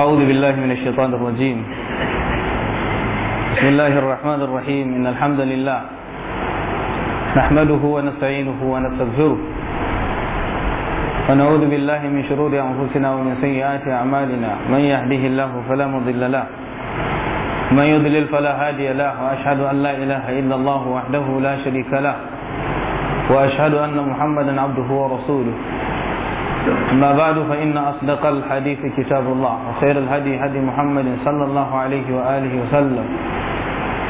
أعوذ بالله من الشيطان الرجيم بسم الله الرحمن الرحيم إن الحمد لله نحمده ونستعينه ونستغفره ونعوذ بالله من شرور أنفسنا ومن سيئات أعمالنا من يهده الله فلا مضل له من يضلل فلا هادي له وأشهد أن لا إله إلا الله وحده لا شريك له وأشهد أن محمدا عبده ورسوله أما بعد فإن أصدق الحديث كتاب الله وخير الهدي هدي محمد صلى الله عليه وآله وسلم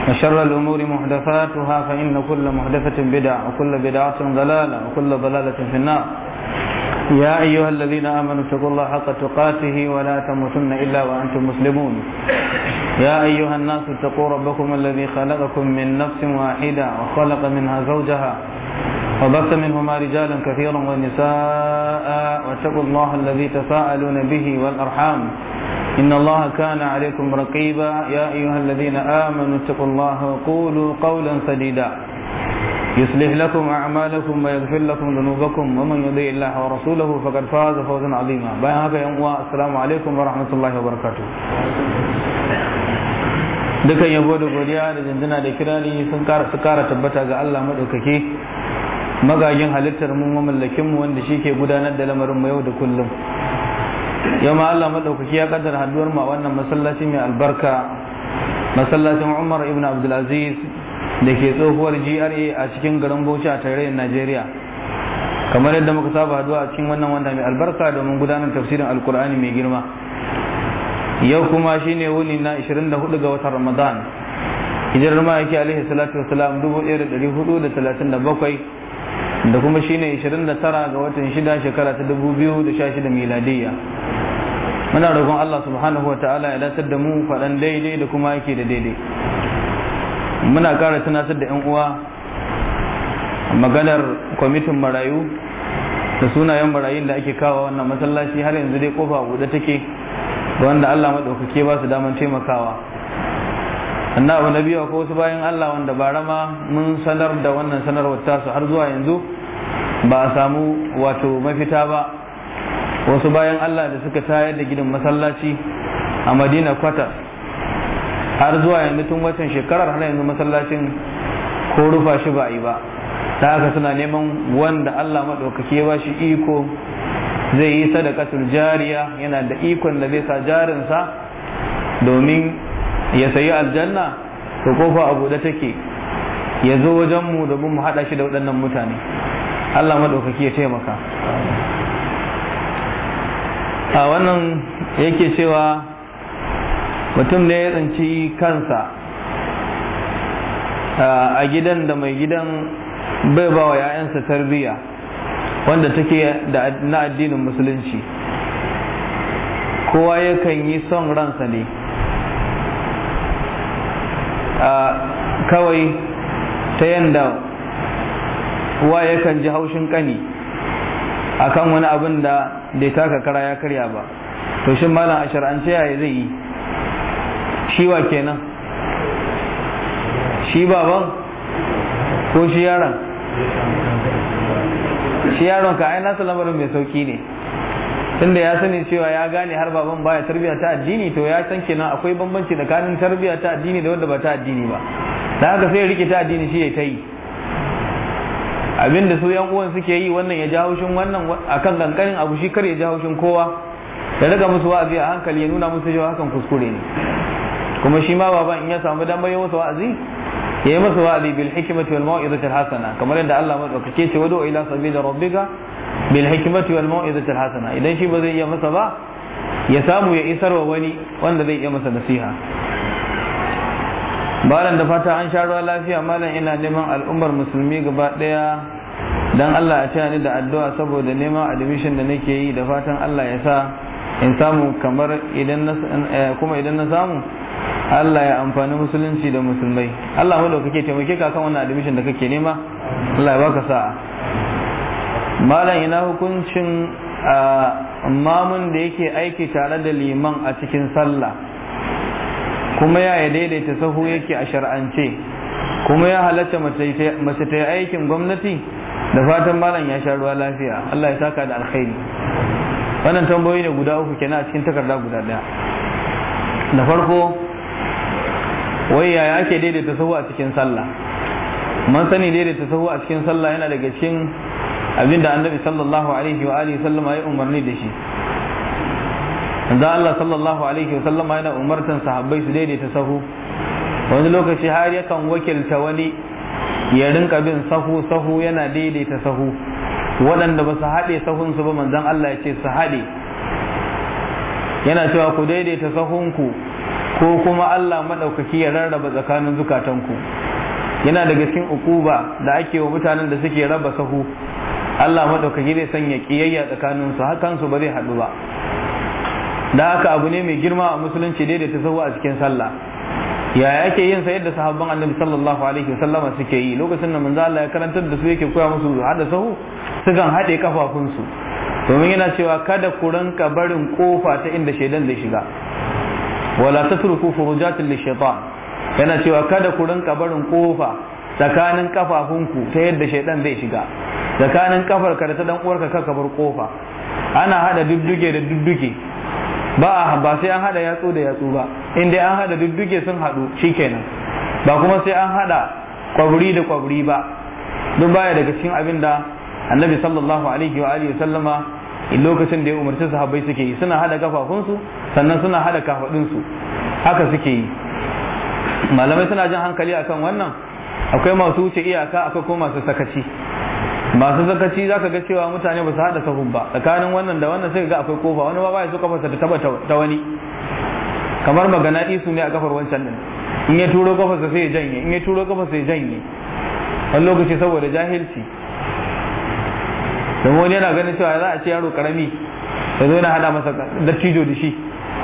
وشر الأمور محدثاتها فإن كل محدثة بدعة وكل بدعة ضلالة وكل ضلالة في النار يا أيها الذين آمنوا اتقوا الله حق تقاته ولا تموتن إلا وأنتم مسلمون يا أيها الناس اتقوا ربكم الذي خلقكم من نفس واحدة وخلق منها زوجها وبث منهما رجالا كثيرا ونساء واتقوا الله الذي تساءلون به والأرحام إن الله كان عليكم رقيبا يا أيها الذين آمنوا اتقوا الله وقولوا قولا سديدا يصلح لكم أعمالكم ويغفر لكم ذنوبكم ومن يطيع الله ورسوله فقد فاز فوزا عظيما باي هكا يوم السلام عليكم ورحمة الله وبركاته dukan yabo da godiya da jinjina da kirari sun kara tabbata ga Allah madaukake magagin halittar mu mamallakin mu wanda shi ke gudanar da lamarin mu yau da kullum yau ma Allah madaukaki ya kaddara haduwar mu a wannan masallaci mai albarka masallacin Umar ibn Abdul Aziz da ke tsohuwar GRA a cikin garin Bauchi a tarayyar Najeriya kamar yadda muka saba haduwa a cikin wannan wanda mai albarka domin gudanar tafsirin Alkur'ani mai girma yau kuma shine wuni na 24 ga watan Ramadan hijirar ma'aiki alaihi salatu wasalam 1437 Da kuma shine 29 ga watan 6 shekara ta 2016 miladiyya muna roƙon Allah subhanahu wa ta'ala ya datar da mu faɗan daidai da kuma yake da daidai muna ƙara tunatar da 'yan uwa maganar kwamitin marayu da sunayen marayun da ake kawo wannan masallaci har yanzu dai kofa buɗe take Da wanda Allah maɗaukake ba su daman taimakawa sannan abu na biyu ko wasu bayan Allah wanda ba rama mun sanar da wannan sanarwar tasu har zuwa yanzu ba a samu wato mafita ba wasu bayan Allah da suka tayar da gidan masallaci a madina kwata har zuwa yanzu tun watan shekarar har yanzu masallacin ko rufa shi ba yi ba ta haka suna neman wanda Allah maɗaukaki ya ba shi iko zai yi sadakatul jariya yana da ikon da zai sa jarinsa domin ya sayi aljanna ko kofa a buɗe take ya zo wajenmu domin mu haɗa shi da waɗannan mutane Allah madaukaki ya taimaka a wannan yake cewa mutum ne ya tsinci kansa a gidan da mai gidan bai ba wa 'ya'yansa tarbiyya wanda take na addinin musulunci kowa yakan yi son ransa ne kawai ta yanda ya yakan ji haushin kani kan wani abin da bai taka kara ya karya ba to shin malam a shar'ance yaya zai yi shi wa kenan shi baban ko shi yaron shi yaron ka aina su lamarin mai sauki ne tunda ya sani cewa ya gane har baban baya tarbiyya ta addini to ya san kenan akwai bambanci tsakanin tarbiyya ta addini da wanda ba ta addini ba da haka sai ya rike ta addini shi ya ta yi abin da su yan uwan suke yi wannan ya jawo shin wannan akan kankanin abu shi kar ya jawo shin kowa da daga musu wa'azi a hankali ya nuna musu cewa hakan kuskure ne kuma shi ma baban in ya samu damar yi masa wa'azi ya yi masa wa'azi bil hikmati wal mau'izati hasana kamar yadda Allah ke ce wadu ila sabila rabbika bil hikmati wal mau'izati hasana idan shi ba zai iya masa ba ya samu ya isar wa wani wanda zai iya masa nasiha Balan da fata an sha ruwa lafiya malam ina neman al'ummar musulmi gaba daya dan Allah a ni da addu'a saboda nema admission da nake yi da fatan Allah ya sa in samu kamar eh, kuma idan na samu Allah ya amfani musulunci da musulmai Allah wanda kake taimake ka kan wannan admission da kake nema Allah ya baka sa'a malam ina hukuncin mamun da yake aiki tare da liman a cikin sallah kuma ya daidaita sahu yake a shar'ance kuma ya halatta mace ta yi aikin gwamnati da fatan malam ya sha ruwa lafiya Allah ya saka da alkhairi wannan tambayoyi ne guda uku kenan a cikin takarda guda daya da farko wai yaya ake daidaita sahu a cikin sallah man sani daidaita sahu a cikin sallah yana daga cikin abinda annabi sallallahu alaihi wa alihi sallama ya umarni da shi da Allah sallallahu alaihi wa sallama yana umartan sahabbai su daidaita sahu wani lokaci har yakan wakilta wani ya rinka bin sahu sahu yana daidaita sahu waɗanda ba su haɗe sahunsu ba manzan Allah ya ce su haɗe yana cewa ku daidaita sahunku ko kuma Allah maɗaukaki ya rarraba tsakanin zukatanku yana daga cikin ukuba da ake wa mutanen da suke raba sahu Allah maɗaukaki zai sanya ƙiyayya tsakaninsu hakansu ba zai haɗu ba da haka abu ne mai girma a musulunci daidaita sahu a cikin sallah ya ake yin sa yadda sahabban annabi sallallahu alaihi wasallama suke yi lokacin da manzo Allah ya karantar da su yake koya musu hada sahu sukan hade kafafunsu domin yana cewa kada ku ranka barin kofa ta inda shaidan zai shiga wala tatruku furujatil lishaitan yana cewa kada ku ranka barin kofa tsakanin kafafunku ta yadda shaidan zai shiga tsakanin kafar ka da ta dan uwarka kaka bar kofa ana hada dudduge da dudduge ba a ba sai an hada yatsu da yatsu ba in dai an hada dudduke sun hadu shikenan ba kuma sai an hada kwabri da kwabri ba duk baya daga cikin abin da annabi sallallahu alaihi wa alihi sallama lokacin da ya umarci sahabbai suke yi suna hada kafafunsu sannan suna hada kafadunsu haka suke yi malamai suna jin hankali akan wannan akwai masu wuce iyaka akwai kuma masu sakaci masu zakaci za ka ga cewa mutane ba su haɗa sahun ba tsakanin wannan da wannan sai ga akwai kofa wani ba ya so kafarsa ta taba ta wani kamar magana isu ne a kafar wancan din in ya turo kafarsa sai ya janye in ya turo kafarsa ya janye wani lokaci saboda jahilci domin wani yana ganin cewa za a ce yaro karami ya zo yana haɗa masa dattijo da shi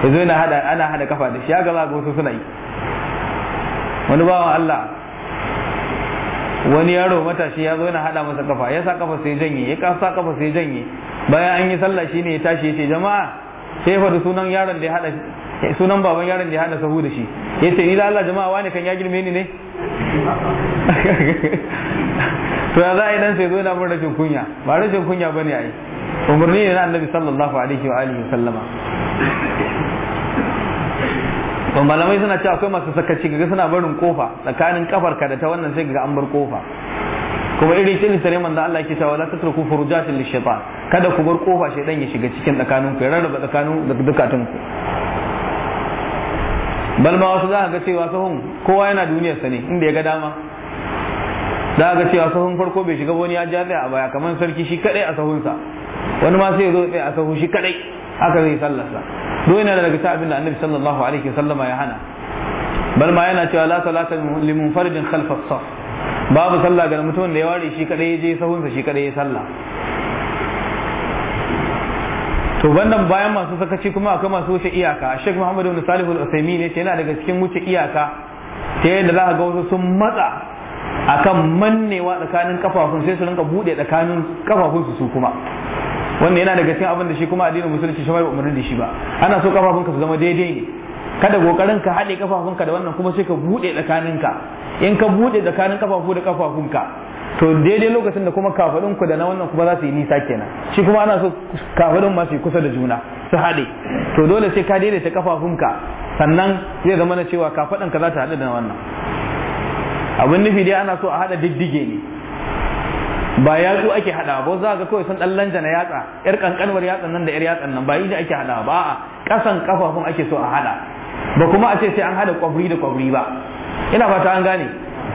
ya zo yana haɗa ana haɗa kafa da shi ya ga za ga wasu suna yi wani bawan Allah wani yaro matashi ya zo yana hada masa kafa ya sa kafa sai janye ya sa kafa sai janye bayan an yi sallah shi ne ya tashi ya ce jama'a sai fa sunan yaron da ya hada sunan baban yaron da ya hada sahu da shi ce ni da Allah jama'a wani kan ya girme ni ne to ya za a yi dan sai zo yana mun rashin kunya ba rashin kunya bane ai umarni ne na annabi sallallahu alaihi wa alihi sallama to malamai suna cewa akwai masu sakaci ga suna barin kofa tsakanin kafar ka da ta wannan sai ga an bar kofa kuma irin shi ne manzo Allah yake cewa la tatruku furujatin lishaitan kada ku bar kofa shaydan ya shiga cikin tsakanin ku ya rarraba tsakanin dukatun ku bal ma wasu za ga cewa sahun kowa yana duniyar sa ne inda ya ga dama za ga cewa sahun farko bai shiga wani ya ja a baya kamar sarki shi kadai a sahunsa wani ma sai ya zo tsaye a sahu shi kadai haka zai sallarsa do yana daga cikin abin da annabi sallallahu alaihi wasallama ya hana bal ma yana cewa la salata li munfaridin khalfa saf babu sallah ga mutumin da ya ware shi kadai je sahunsa shi kadai ya sallah to wannan bayan masu sakaci kuma akwai masu wuce iyaka Sheikh Muhammad ibn Salih al-Uthaymeen yace yana daga cikin wuce iyaka ta yadda za ka ga wasu sun matsa akan mannewa tsakanin kafafun sai su rinka bude tsakanin kafafun su kuma wanda yana daga cikin abin da shi kuma addinin musulunci shi ba umarni da shi ba ana so kafafunka su zama daidai ne kada kokarin ka haɗe kafafunka da wannan kuma sai ka buɗe tsakaninka in ka buɗe tsakanin kafafu da kafafunka to daidai lokacin da kuma kafadun ku da na wannan kuma za su yi nisa kenan shi kuma ana so kafadun ma su yi kusa da juna su haɗe to dole sai ka daidaita kafafunka sannan zai zama na cewa kafadanka za ta haɗu da wannan abin nufi dai ana so a haɗa diddige ne ba yatsu ake hada ba za ga kawai sun dan lanja na yatsa yar kankanwar yatsan nan da yar yatsan nan ba yi da ake hada ba a kasan kafafun ake so a hada ba kuma a ce sai an hada kwabri da kwabri ba ina fata an gane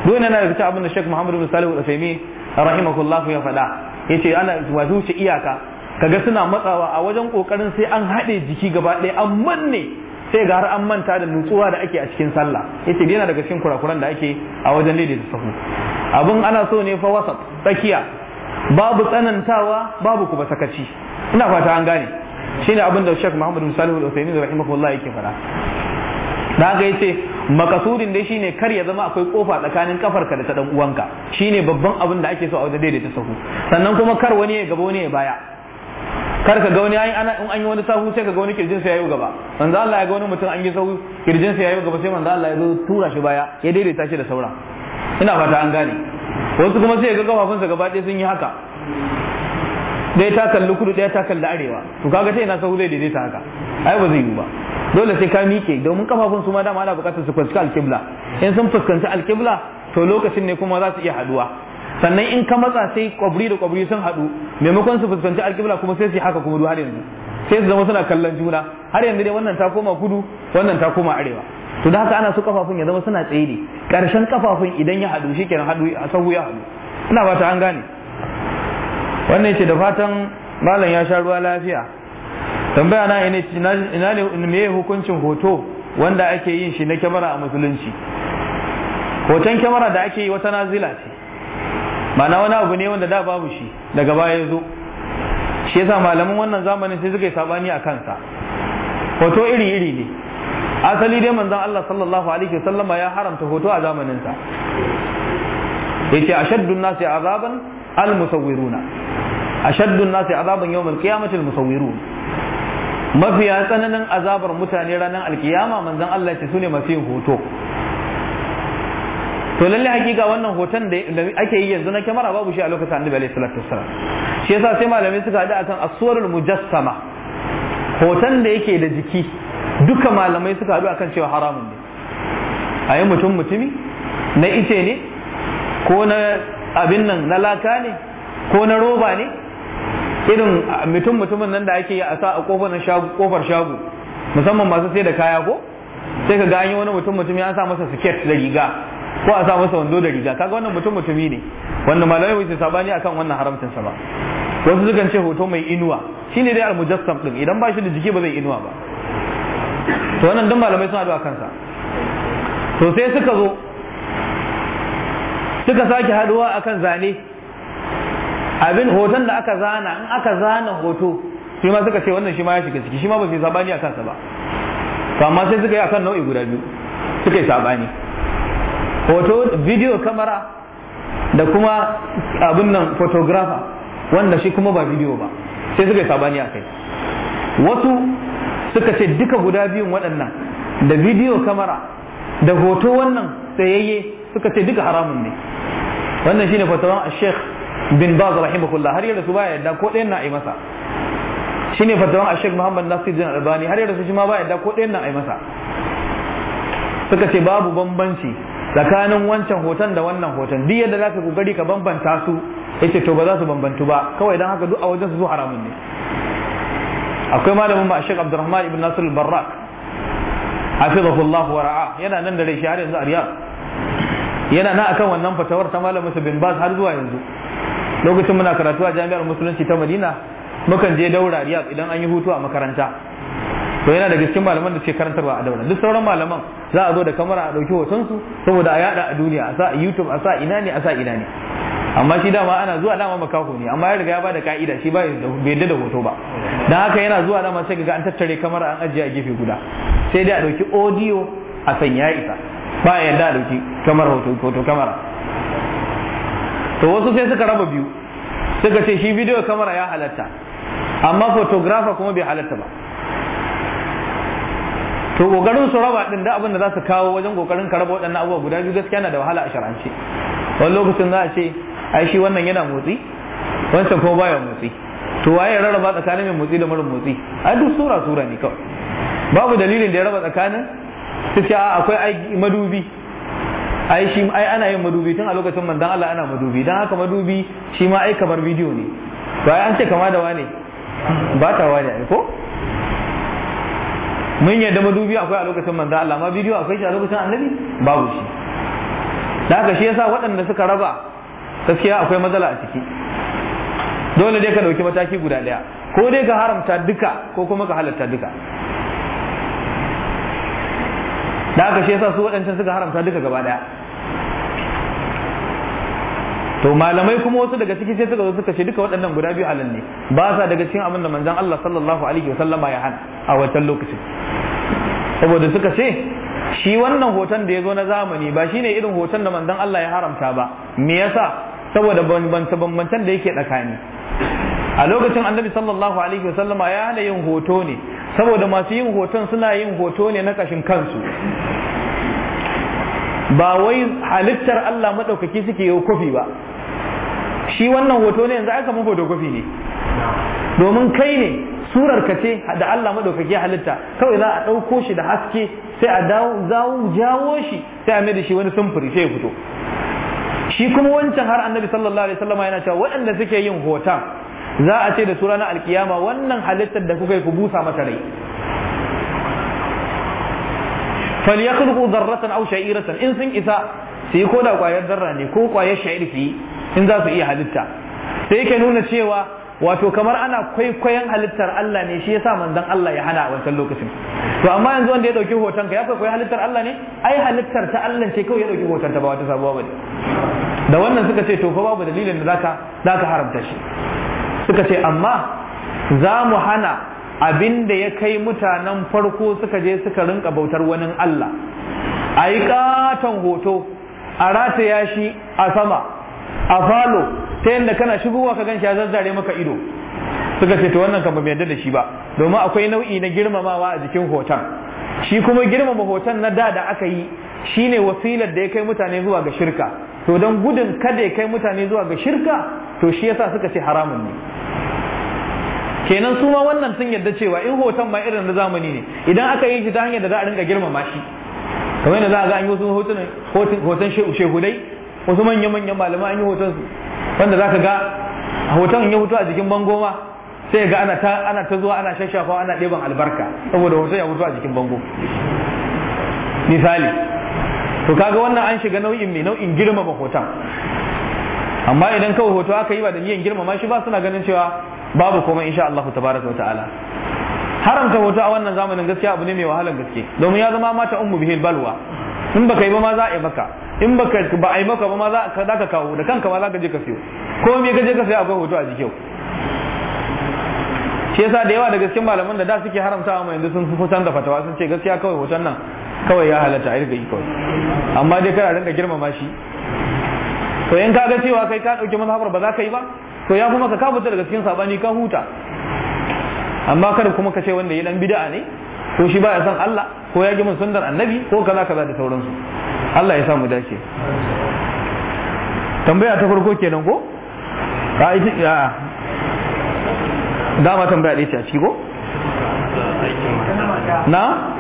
dole na da fita abin da Sheikh Muhammad bin Salih al-Uthaymeen rahimahullahu ya faɗa yace ana wato iyaka kaga suna matsawa a wajen kokarin sai an hade jiki gaba ɗaya an manne sai ga har an manta da nutsuwa da ake a cikin sallah yace yana daga cikin kurakuran da ake a wajen daidaita sahu abun ana so ne fa wasat tsakiya babu tsanantawa babu kuma sakaci ina fata an gane shine abin da Sheikh Muhammad bin Salih Al-Uthaymeen rahimahullah yake fara da ga yace makasudin dai shine kar ya zama akwai kofa tsakanin kafarka da ta dan uwanka shine babban abin da ake so a wajen daidaita sahu sannan kuma kar wani ya gaba wani ya baya kar ka ga wani yayi ana in an yi wani sahu sai ka ga wani kirjin sa yayi gaba manzo Allah ya ga wani mutum an yi sahu kirjin sa yayi gaba sai manzo Allah ya zo tura shi baya ya daidaita shi da saura. ina fata an gane wasu kuma sai ya ga kafafunsa gaba ɗaya sun yi haka ɗaya ta kalli kudu ɗaya ta kalli arewa to kaga ta ina sahu zai daidaita haka ai ba zai yi ba dole sai ka mike domin kafafun su ma dama ana buƙatar su fuskanci kibla in sun fuskanci al-kibla to lokacin ne kuma za su iya haɗuwa sannan in ka matsa sai kwabri da kwabri sun haɗu maimakon su fuskanci alƙibla kuma sai su yi haka kuma duk har yanzu sai su zama suna kallon juna har yanzu dai wannan ta koma kudu wannan ta koma arewa to da haka ana so kafafun ya zama suna tsaye ne karshen kafafun idan ya haɗu shikenan haɗu a sahu ya haɗu ina ta an gane wannan ce da fatan malam ya sha ruwa lafiya tambaya na ina ne me hukuncin hoto wanda ake yin shi na kyamara a musulunci hoton kyamara da ake yi wata nazila ce ma'ana wani abu ne wanda da babu shi daga baya ya zo shi yasa malaman wannan zamanin sai suka yi sabani a kansa hoto iri iri ne asali dai manzon Allah sallallahu alaihi wasallam ya haramta hoto a zamanin sa yace ashaddun nasi azaban al musawwiruna ashaddun nasi azaban yawm al qiyamati al musawwirun mafiya tsananin azabar mutane ranar alkiyama manzon Allah ya ce sune masu yin hoto to lalle hakika wannan hoton da ake yi yanzu na kyamara babu shi a lokacin annabi alaihi salatu wasallam shi yasa sai malamai suka hada akan as-suwarul mujassama hoton da yake da jiki duka malamai suka hadu akan cewa haramun ne Ayi mutum mutumi na ice ne ko na abin nan na laka ne ko na roba ne irin mutum mutumin nan da ake yi a sa a kofar shago kofar shago musamman masu sai da kaya ko sai ka gani wani mutum mutumi an sa masa siket da riga ko a sa masa wando da riga kaga wannan mutum mutumi ne wanda malamai wuce sabani akan wannan haramcin sa ba wasu sukan ce hoto mai inuwa shine dai almujassam din idan ba shi da jiki ba zai inuwa ba to wannan duk malamai suna da kansa to sai suka zo suka sake haduwa akan zane abin hoton da aka zana in aka zana hoto shi ma suka ce wannan shi ma ya shiga ciki shi ma ba su yi sabani a kansa ba to amma sai suka yi akan nau'i guda biyu suka yi sabani hoto video camera da kuma abin nan photographer wanda shi kuma ba video ba sai suka yi sabani a kai wasu suka ce duka guda biyun waɗannan da video camera da hoto wannan tsayayye suka ce duka haramun ne wannan shine fatawan Sheikh bin Baz rahimahullah har yadda su baya yadda ko ɗayan na yi masa shine fatawan Sheikh Muhammad Nasir Nasiruddin Albani har yadda su shi ma ba yadda ko ɗayan na yi masa suka ce babu bambanci tsakanin wancan hoton da wannan hoton duk yadda za ka kokari ka bambanta su yace to ba za su bambantu ba kawai dan haka duk a wajen su haramun ne akwai malamin ba Sheikh Abdulrahman ibn Nasir al-Barrak hafizahullah wa ra'a yana nan da rai shi har yanzu a Riyadh yana na akan wannan fatawar ta malamin sa bin Baz har zuwa yanzu lokacin muna karatu a Jami'ar Musulunci ta Madina mukan je daura Riyadh idan an yi hutu a makaranta to yana daga cikin malaman da suke karantarwa a daura duk sauran malaman za a zo da kamara a ɗauki hoton su saboda a yada a duniya a sa a youtube a sa ina ne a sa ina ne amma shi dama ana zuwa dama makaho ne amma ya riga ya bada ka'ida shi bai yadda da hoto ba dan haka yana zuwa dama sai ga an tattare kamara an ajiye a gefe guda sai dai a ɗauki audio a sanya isa ba ya yarda a ɗauki kamar hoto kamara. to wasu sai suka raba biyu suka ce shi bidiyo kamara ya halatta amma photographer kuma bai halatta ba to kokarin su raba din da abin da za su kawo wajen kokarin ka raba waɗannan abubuwa guda biyu gaskiya na da wahala a sharance wani lokacin za a ce ai shi wannan yana motsi wancan kuma baya motsi to waye ya rarraba tsakanin mai motsi da mara motsi ai duk sura sura ne kawai babu dalilin da ya raba tsakanin su ce a akwai madubi ai shi ai ana yin madubi tun a lokacin manzon Allah ana madubi dan haka madubi shi ma ai kamar bidiyo ne to ai an ce kama da wane ba ta wane ko mun yadda madubi akwai a lokacin manzo Allah ma bidiyo akwai shi a lokacin annabi babu shi da haka shi yasa waɗanda suka raba gaskiya akwai matsala a ciki dole dai ka ɗauki mataki guda ɗaya ko dai ka haramta duka ko kuma ka halatta duka da haka shi yasa su waɗancan suka haramta duka gaba ɗaya to malamai kuma wasu daga ciki sai suka zo suka ce duka waɗannan guda biyu halal ne ba sa daga cikin abin da manzon Allah sallallahu alaihi wasallama ya hana a wancan lokacin saboda suka ce shi wannan hoton da ya zo na zamani ba shine irin hoton da manzon Allah ya haramta ba me yasa saboda bambance bambancen da yake tsakani a lokacin annabi sallallahu alaihi wasallama ya hana yin hoto ne saboda masu yin hoton suna yin hoto ne na kashin kansu ba wai halittar Allah maɗaukaki suke yau kofi ba shi wannan hoto ne yanzu aka mu kwafi ne domin kai ne surar ka ce da Allah maɗaukaki halitta kawai za a ɗauko shi da haske sai a dawo jawo shi sai a mai da shi wani sumfuri sai ya fito shi kuma wancan har annabi sallallahu alaihi wasallam yana cewa waɗanda suke yin hoton za a ce da su ranar alkiyama wannan halittar da kuka yi ku busa masa rai falyakhluqu dharratan aw sha'iratan in sun isa su ko da kwayar zarra ne ko kwayar sha'ir su yi in za su iya halitta sai yake nuna cewa wato kamar ana kwaikwayon halittar Allah ne shi yasa manzon Allah ya hana a wancan lokacin to amma yanzu wanda ya dauki hoton ka ya kwaikwayi halittar Allah ne ai halittar ta Allah ce kawai ya dauki hoton ta ba wata sabuwa bane da wannan suka ce to fa babu dalilin da zaka zaka haramta shi suka ce amma za mu hana abin da ya kai mutanen farko suka je suka rinka bautar wani Allah a yi katon hoto a rataya shi a sama a falo ta yadda kana shigowa ka gan shi a zazzare maka ido suka ce ta wannan kan ba mu yadda da shi ba domin akwai nau'i na girmamawa a jikin hoton shi kuma girmama hoton na da da aka yi shine wasilar da ya kai mutane zuwa ga shirka to don gudun kada ya kai mutane zuwa ga shirka to shi yasa suka ce haramun ne kenan su ma wannan sun yarda cewa in hoton ma irin na zamani ne idan aka yi shi ta hanyar da za a rinka girmama shi kamar yadda za a ga an yi wasu hoton shehudai wasu manya-manyan malamai an yi hoton su wanda za ka ga hoton ya hutu a jikin bango ma sai ga ana ta ana ta zuwa ana shashafa ana ɗeban albarka saboda hoton ya hutu a jikin bango misali to kaga wannan an shiga nau'in mai nau'in girmama hoton amma idan kawai hoto aka yi ba da niyan girmama shi ba suna ganin cewa babu komai insha Allah tabaraka wa ta'ala haramta hoto a wannan zamanin gaskiya abu ne mai wahalar gaske domin ya zama mata ummu bihil balwa in baka yi ba ma za a yi maka in baka ba a yi maka ba ma za ka kawo da kanka ba za ka je ka siyo ko me ka je ka siyo akwai hoto a jikin shi yasa da yawa daga cikin malaman da da suke haramtawa mai yanzu sun fitan da fatawa sun ce gaskiya kawai hoton nan kawai ya halatta a riga yi kawai amma dai kana rinka girmama shi to in ka ga cewa kai ka dauki mazhabar ba za ka yi ba to ya fi maka ka fita daga cikin sabani ka huta amma kada kuma ka ce wanda ya dan bid'a ne ko shi baya san Allah ko ya gimin sunnar annabi ko kaza kaza da sauransu Allah ya sa mu dace tambaya ta farko kenan ko a ita dama tambaya ɗaya ce a ciki ko na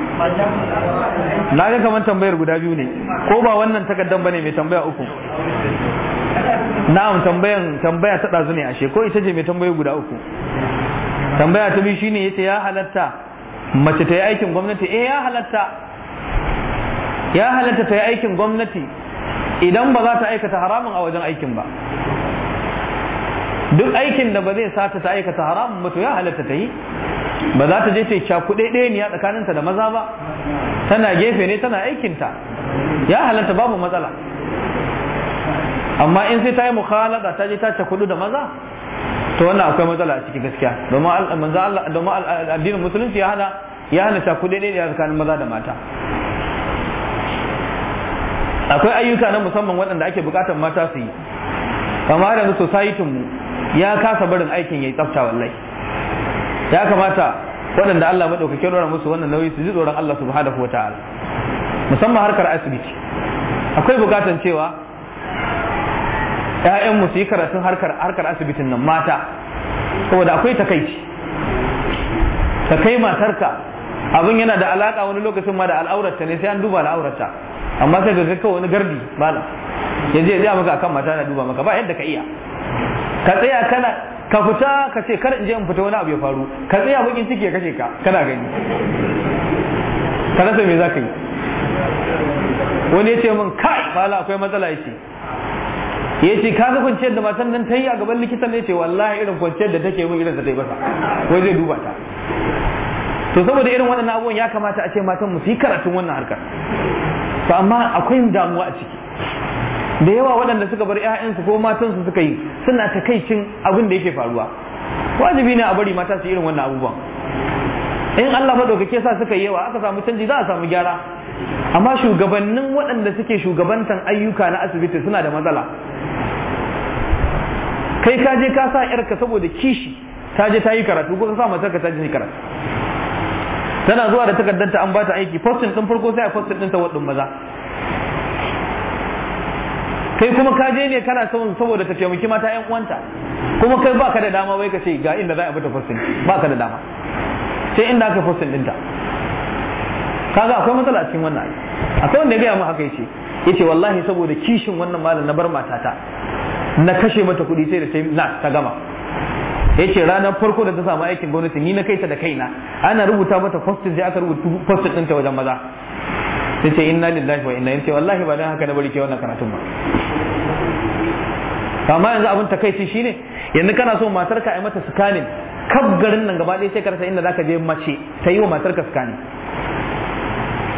na ga kamar tambayar guda biyu ne ko ba wannan takaddan bane mai tambaya uku na'am tambayan tambaya ta dazu ne a ko ita ce mai tambayi guda uku tambaya ta biyu shine yace ya halatta mace ta yi aikin gwamnati eh ya halatta ya halatta ta yi aikin gwamnati idan ba za ta aikata haramun a wajen aikin ba duk aikin da ba zai sata ta aikata haramun ba to ya halatta ta yi ba za ta je ta cakuɗe ɗaya ne tsakaninta da maza ba tana gefe ne tana aikinta ya halatta babu matsala amma in sai ta yi mukhalada ta je ta ce kudu da maza to wannan akwai matsala a cikin gaskiya domin manzo Allah domin addinin musulunci ya hana ya hana ta kudu ne da tsakanin maza da mata akwai ayyuka na musamman waɗanda ake buƙatar mata su yi kamar da society mu ya kasa barin aikin yayi tsafta wallahi ya kamata waɗanda Allah madaukakin rora musu wannan nauyi su ji tsoron Allah subhanahu wataala musamman harkar asibiti akwai buƙatar cewa Ya'yan su yi karatun harkar harkar asibitin nan mata saboda akwai takaici ta kai matarka abin yana da alaka wani lokacin ma da al'aurarta ne sai an duba al'aurarta amma sai ga kawai wani gardi malam ya je ya maka akan mata na duba maka ba yadda ka iya ka tsaya kana ka fita ka ce kar in je in fita wani abu ya faru ka tsaya bakin ciki ya kashe ka kana gani ka rasa me za ka yi wani ya ce min kai mala akwai matsala ya ce ya ce ka ga kwanciyar da matan nan ta yi a gaban likitan ne ce wallahi irin kwanciyar da take mun irin ta yi masa wai zai duba ta to saboda irin waɗannan abubuwan ya kamata a ce matan mu su yi karatun wannan harkar to amma akwai damuwa a ciki da yawa waɗanda suka bar 'ya'yansu ko matansu suka yi suna takaicin abin da yake faruwa wajibi ne a bari mata su irin wannan abubuwan in Allah madaukake sa suka yi yawa aka samu canji za a samu gyara amma shugabannin waɗanda suke shugabantan ayyuka na asibiti suna da matsala kai ka je ka sa yarka saboda kishi ta je ta yi karatu ko ka sa matarka ta je karatu tana zuwa da takardanta an bata aiki postin din farko sai a postin din ta waɗin maza kai kuma ka je ne kana son saboda ka taimaki mata yan uwanta kuma kai baka da dama wai ka ce ga inda za a bi ta postin baka da dama sai inda aka postin ɗinta kaga akwai matsala a cikin wannan akwai wanda ya gaya mu haka yace yace wallahi saboda kishin wannan malam na bar matata na kashe mata kuɗi sai da na ta gama yace ranar farko da ta samu aikin gwamnati ni na kai ta da kaina ana rubuta mata postin sai aka rubuta postin ɗinta wajen maza sai ce inna lillahi wa inna ilaihi wallahi ba dan haka na bari ke wannan karatun ba amma yanzu abin shi shine yanzu kana so matarka ai mata scanning kaf garin nan gaba ɗaya sai ka rasa inda zaka je mace ta yi wa matarka scanning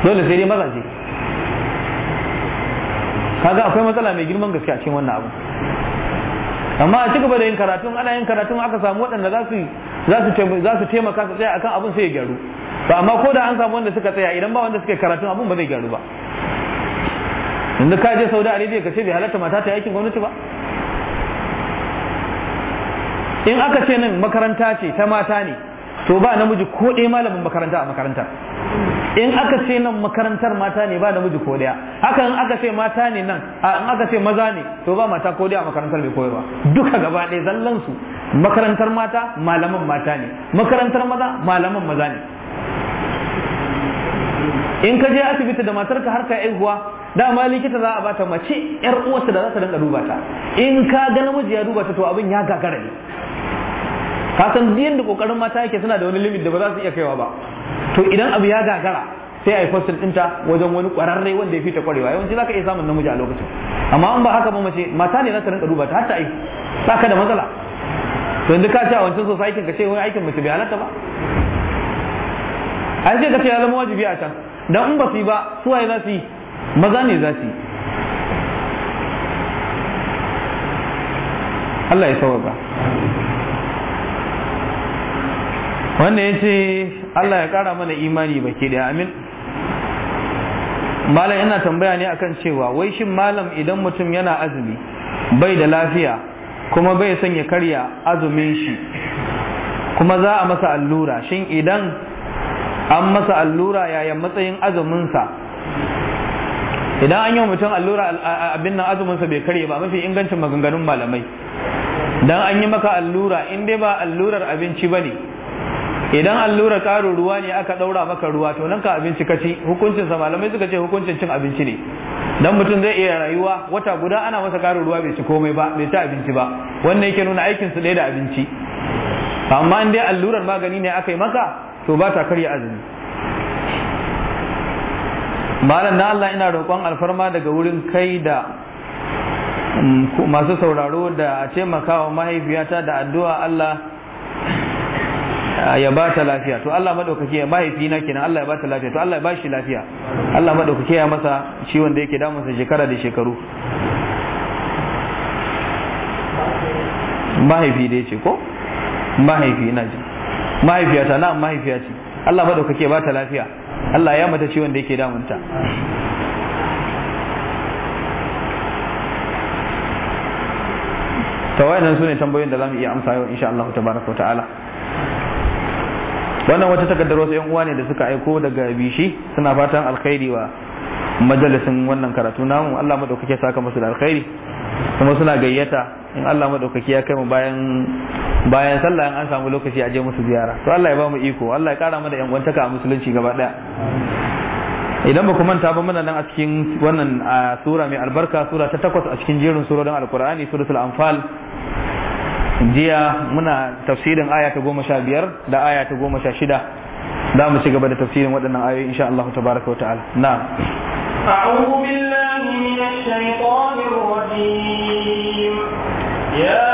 dole sai dai mazaje kaga akwai matsala mai girman gaske a cikin wannan abu amma a cigaba da yin karatun ana yin karatun aka samu waɗanda za su za su taimaka su tsaya akan abin sai ya gyaru ba amma ko da an samu wanda suka tsaya idan ba wanda suka karatun abin ba zai gyaru ba yanzu ka je saudi arabia ka ce bai halatta mata ta aikin gwamnati ba in aka ce nan makaranta ce ta mata ne to ba namiji ko ɗaya malamin makaranta a makaranta in aka ce nan makarantar mata ne ba namiji ko daya haka in aka ce mata ne nan in aka ce maza ne to ba mata ko daya a makarantar mai koyarwa duka gaba ɗaya zallan su makarantar mata malaman mata ne makarantar maza malaman maza ne in ka je asibiti da matarka har ka aihuwa dama likita za a bata mace yar uwarta da za ta dinga duba ta in ka ga namiji ya duba ta to abin ya gagara ne ka san biyan da kokarin mata yake suna da wani limit da ba za su iya kaiwa ba to idan abu ya gagara sai a yi fasil ɗinta wajen wani ƙwararre wanda ya fita ƙwarewa yawanci za ka iya samun namiji a lokacin amma an ba haka ba mace mata ne za ta rinka duba ta hatta aiki ba ka da matsala to yanzu ka ce a wancan sosai aikin ka ce wani aikin mace bai halatta ba yi ce ka ce ya zama wajibi a can dan in ba su yi ba su waye za su yi maza ne za su yi Allah ya sauka Wannan ya ce Allah ya ƙara mana imani baki da amin malam ina tambaya ne akan cewa wai shin malam idan mutum yana azumi bai da lafiya kuma bai son ya karya azumin shi kuma za a masa allura shin idan an masa allura yaya matsayin azuminsa idan an yi mutum allura abin nan azuminsa bai karye ba mafi ingancin maganganun malamai dan an yi maka allura in dai ba allurar abinci ba ne idan allura karo ruwa ne aka daura maka ruwa to nan ka abinci ka ci hukuncin sa malamai suka ce hukuncin cin abinci ne dan mutum zai iya rayuwa wata guda ana masa karin ruwa bai ci komai ba bai ci abinci ba wannan yake nuna aikin su ɗaya da abinci amma in dai allurar magani ne aka yi maka to ba ta karya azumi malam na Allah ina roƙon alfarma daga wurin kai da mm, masu sauraro da a taimakawa mahaifiyata da addu'a Allah Eh, ya ba ta lafiya to Allah madaukake na kenan Allah ya ba ta lafiya to Allah ya ba shi lafiya Allah madaukake ya masa ciwon da yake damunsa shekara da shekaru mahaifi da ce ko mahaifi na ji ta na mahaifiya ce Allah madaukake ba ta lafiya Allah ya mata ciwon da yake damunta ta wayannan su ne tambayoyin da za mu iya amsa yau insha Allah tabaraka wa ta'ala wannan wata takaddar wasu yan uwa ne da suka aiko daga bishi suna fatan alkhairi wa majalisin wannan karatu namu Allah madaukake ya saka musu da alkhairi kuma suna gayyata in Allah madaukake ya kai mu bayan bayan sallah an samu lokaci a je musu ziyara to Allah ya ba mu iko Allah ya kara mana yan gwantaka a musulunci gaba daya idan ba ku manta ba muna nan a cikin wannan sura mai albarka sura ta takwas a cikin jerin surorin alkur'ani suratul anfal jiya muna tafsirin aya ta goma sha biyar da aya ta goma sha shida za mu ci gaba da tafsirin waɗannan ayoyi insha Allah baraka wa ta'ala na a'udhu billahi minash الشيطان الرجيم ya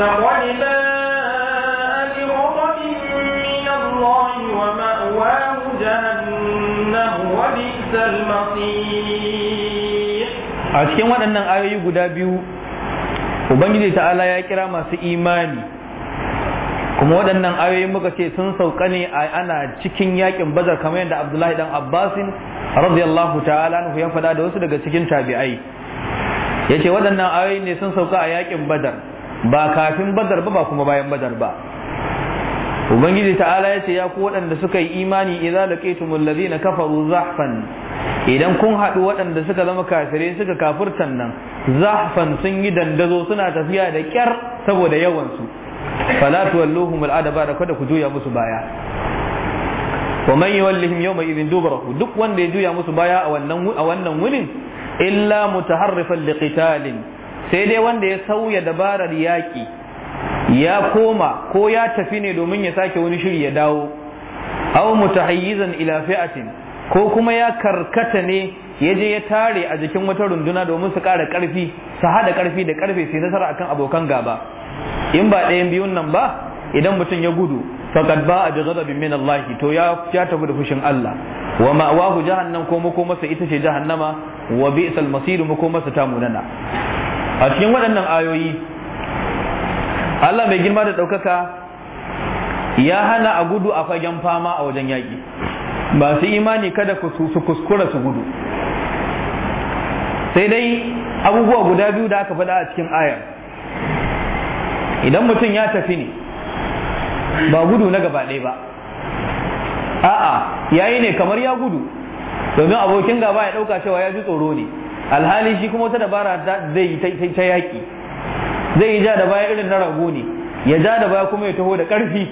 فقد بغضب من الله ومأواه جهنم وبئس المصير a cikin waɗannan ayoyi guda biyu ubangiji ta'ala ya kira masu imani kuma waɗannan ayoyi muka ce sun sauka ne a ana cikin yakin bazar kamar yadda abdullahi dan abbasin radiyallahu ta'ala ya faɗa da wasu daga cikin tabi'ai ya ce waɗannan ayoyi ne sun sauka a yakin badar ba kafin badar ba ba kuma bayan badar ba ubangiji ta'ala ya ce ya ku waɗanda suka yi imani idza laqitumul ladina kafaru zahfan idan kun haɗu waɗanda suka zama kafirai suka kafirtan nan zahfan sun yi dandazo suna tafiya da kyar saboda yawansu fala tuwalluhum al'adaba da kada ku juya musu baya wa man yuwallihim yawma idhin dubarahu duk wanda ya juya musu baya a wannan a wannan wurin illa mutaharrifan liqitalin sai dai wanda ya sauya dabarar yaƙi ya koma ko ya tafi ne domin ya sake wani shiri ya dawo au mutahayyizan ila fi'atin ko kuma ya karkata ne ya je ya tare a jikin wata runduna domin su ƙara ƙarfi su haɗa ƙarfi da ƙarfe sai nasara akan abokan gaba in ba ɗayan biyun nan ba idan mutum ya gudu faqad ba'a bi min Allah to ya ya tafi da fushin Allah wa ma'wahu jahannam ko mako masa ita ce jahannama wa bi'sal masir mako masa ta munana a cikin waɗannan ayoyi Allah mai girma da ɗaukaka ya hana a gudu a fagen fama a wajen yaƙi ba su imani kada su kuskura su gudu sai dai abubuwa guda biyu da aka faɗa a cikin ayar idan mutum ya tafi ne ba gudu na gaba ɗaya ba a'a yayi ne kamar ya gudu domin abokin gaba ya ɗauka cewa ya ji tsoro ne alhali shi kuma wata dabara zai yi ta yaƙi zai yi ja da baya irin na rago ne ya ja da baya kuma ya taho da ƙarfi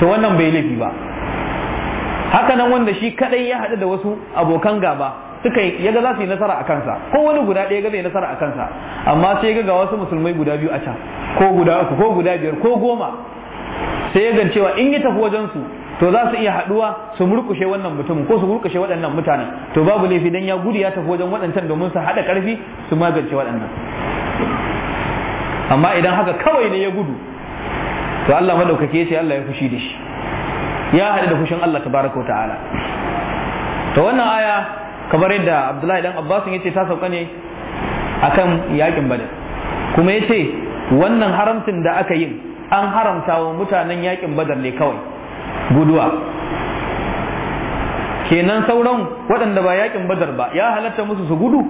to wannan bai laifi ba haka nan wanda shi kadai ya haɗu da wasu abokan gaba suka ya ga za su yi nasara a kansa ko wani guda ɗaya ga zai nasara a kansa amma sai ga ga wasu musulmai guda biyu a can ko guda uku ko guda biyar ko goma sai ya gan cewa in yi tafi wajen su to za su iya haduwa su murkushe wannan mutumin ko su murkushe waɗannan mutanen to babu laifi dan ya gudu ya tafi wajen waɗancan domin su haɗa ƙarfi su magance waɗannan amma idan haka kawai ne ya gudu to Allah madaukake ya ce Allah ya fushi da shi ya haɗu da fushin Allah tabaraka ta'ala to wannan aya kamar yadda Abdullahi dan Abbas ya ce ta sauka ne akan yakin Badar kuma ya ce wannan haramcin da aka yi an haramta wa mutanen yakin Badar ne kawai guduwa kenan sauran waɗanda ba yakin badar ba ya halatta musu su gudu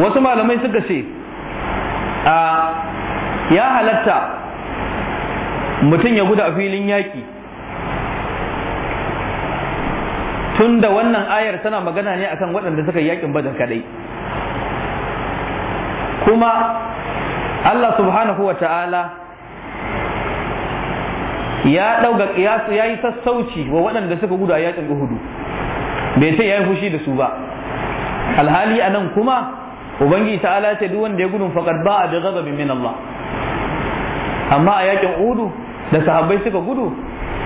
wasu malamai suka ce a ya halatta mutum ya gudu a filin yaƙi tun da wannan ayar tana magana ne akan waɗanda suka yi yakin badar kadai kuma Allah subhanahu wa ta'ala ya ƙiyasu ya yayi sassauci wa waɗanda suka gudu a yakin uhudu bai ce yi fushi da su ba alhali anan kuma ubangiji ta'ala ce duk wanda ya gudun faqad a bi ghadabin min Allah amma a yakin uhudu da sahabbai suka gudu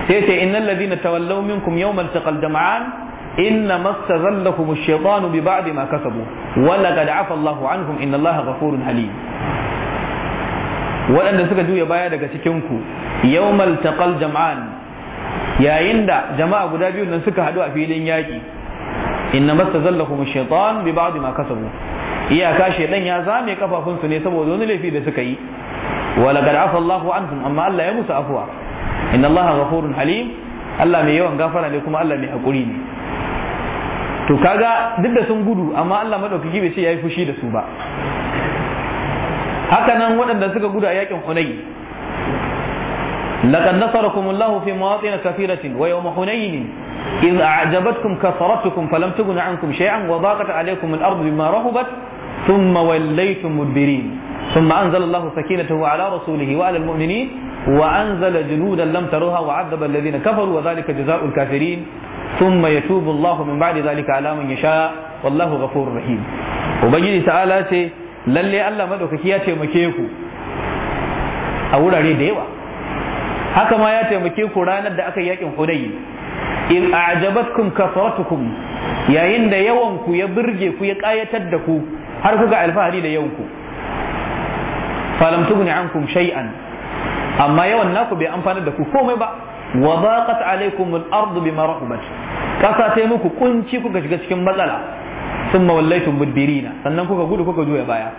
sai ce innal ladina tawallaw minkum yawmal taqal jam'an inna mastazallahum ash-shaytanu bi ba'di ma kasabu wa laqad afa Allahu anhum inna Allaha ghafurun halim waɗanda suka juya baya daga cikinku yawmal taqal jama'an yayin da jama'a guda biyu nan suka haɗu a filin yaƙi inna mastazallakum shaitan bi ba'd ma kasabu iyaka shaitan ya zame kafafunsu ne saboda wani laifi da suka yi Wala laqad afa anhum amma Allah ya musu afwa inna Allaha ghafurun halim Allah mai yawan gafara ne kuma Allah mai hakuri ne to kaga duk da sun gudu amma Allah madaukaki bai ce yayi fushi da su ba haka nan waɗanda suka gudu a yakin hunayi لقد نصركم الله في مواطن كثيرة ويوم حنين إذ أعجبتكم كثرتكم فلم تغن عنكم شيئا وضاقت عليكم الأرض بما رهبت ثم وليتم مدبرين ثم أنزل الله سكينته على رسوله وعلى المؤمنين وأنزل جنودا لم تروها وعذب الذين كفروا وذلك جزاء الكافرين ثم يتوب الله من بعد ذلك على من يشاء والله غفور رحيم وبجد تعالى lalle Allah madaukaki ya taimake ku a wurare da yawa haka ma ya taimake ku ranar da aka yakin hudayi in a'jabatkum kasratukum yayin da yawan ku ya burge ku ya kayatar da ku har kuka alfahari da yawan ku falam tughni ankum shay'an amma yawan naku bai amfana da ku komai ba wa daqat alaykum al-ard bima rahabat kasa sai muku kunci kuka shiga cikin matsala summa wallaitun mudbirina sannan kuka gudu kuka juya baya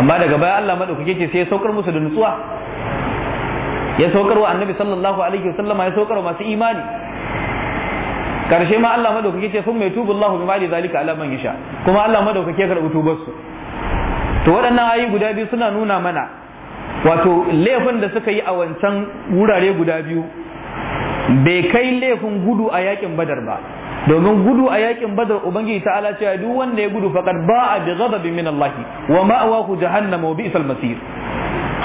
amma daga baya Allah madaukake ce sai ya saukar musu da nutsuwa ya saukar wa annabi sallallahu alaihi wasallama ya saukar masu imani karshe ma Allah madaukake ce sun mai tubu Allah bi mali zalika ala man yasha kuma Allah madaukake ya karɓi tubar su to waɗannan ayi guda biyu suna nuna mana wato laifin da suka yi a wancan wurare guda biyu bai kai laifin gudu a yakin badar ba domin gudu a yakin badar ubangiji ta'ala cewa duk wanda ya gudu faqad ba'a bi ghadabin min Allah wa ma'awahu jahannam wa bi'sal masir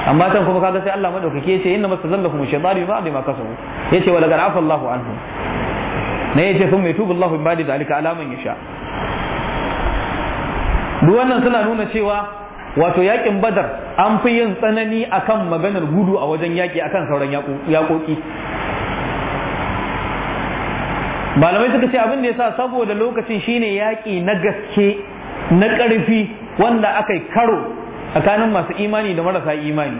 amma tan kuma kaga sai Allah madaukake yace inna masallakum shaytanu ba'da ma kasabu yace wala qad afa Allahu anhum ne yace sun mai tubu Allahu ba'da zalika alaman yasha duk wannan suna nuna cewa wato yakin badar an fi yin tsanani akan maganar gudu a wajen yaki akan sauran yakoki malamai suka ce abin da ya sa saboda lokacin shine yaƙi na gaske na ƙarfi wanda aka yi karo tsakanin masu imani da marasa imani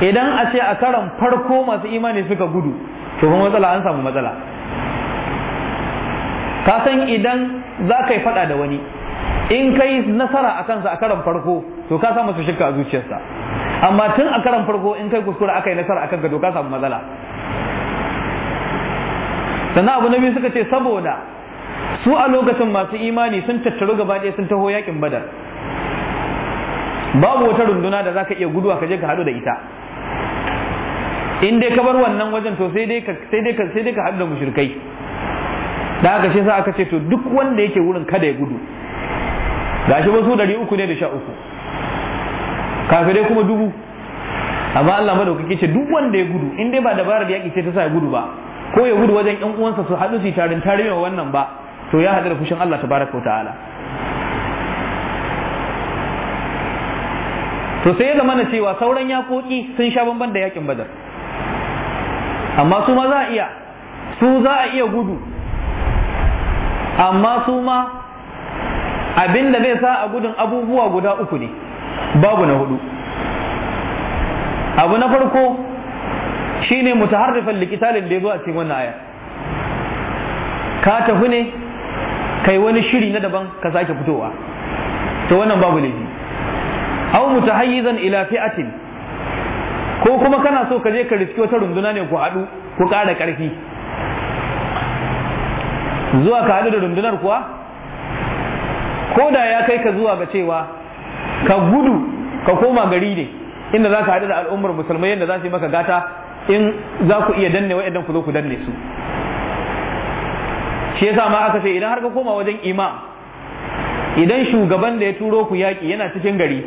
idan a ce a karon farko masu imani suka gudu to kuma matsala an samu matsala ka san idan za ka yi faɗa da wani in ka yi nasara a kansa a karon farko to ka samu su shirka a zuciyarsa amma tun a karon farko in kai kuskure aka yi nasara a kanka to ka samu matsala Sana abu na biyu suka ce saboda su a lokacin masu imani sun tattaru gaba ɗaya sun taho yakin badar babu wata runduna da zaka iya guduwa ka je ka haɗu da ita in dai ka bar wannan wajen to sai dai ka haɗu da mushrikai da aka shi sa aka ce to duk wanda yake wurin kada ya gudu gashi wasu ɗari uku ne da sha uku kafirai kuma dubu amma Allah madaukaki ce duk wanda ya gudu in dai ba dabarar yaƙi ce ta sa ya gudu ba ko ya gudu wajen ƴan uwansa su haɗu su tarin tarin wannan ba to ya haɗu da fushin Allah tabaraka ta'ala to sai ya zamana cewa sauran yakoki sun sha bamban da yakin badar amma su ma za a iya su za a iya gudu amma su ma abin da zai sa a gudun abubuwa guda uku ne babu na hudu abu na farko Shi ne mutaharrifan likitalin da ya zo a cikin wannan aya ka tafi ne kai wani shiri na daban ka sake fitowa to wannan babu laifi aw mutahayyizan ila fi'atin ko kuma kana so ka je ka riski wata runduna ne ku haɗu ku ƙara ƙarfi zuwa ka haɗu da rundunar kuwa ko da ya kai ka zuwa ga cewa ka gudu ka koma gari ne inda za ka haɗu da al'ummar musulmai yadda za su yi maka gata in za ku iya danne wa'yan ku zo ku danne su shi yasa ma aka ce idan har ka koma wajen imam idan shugaban da ya turo ku yaƙi yana cikin gari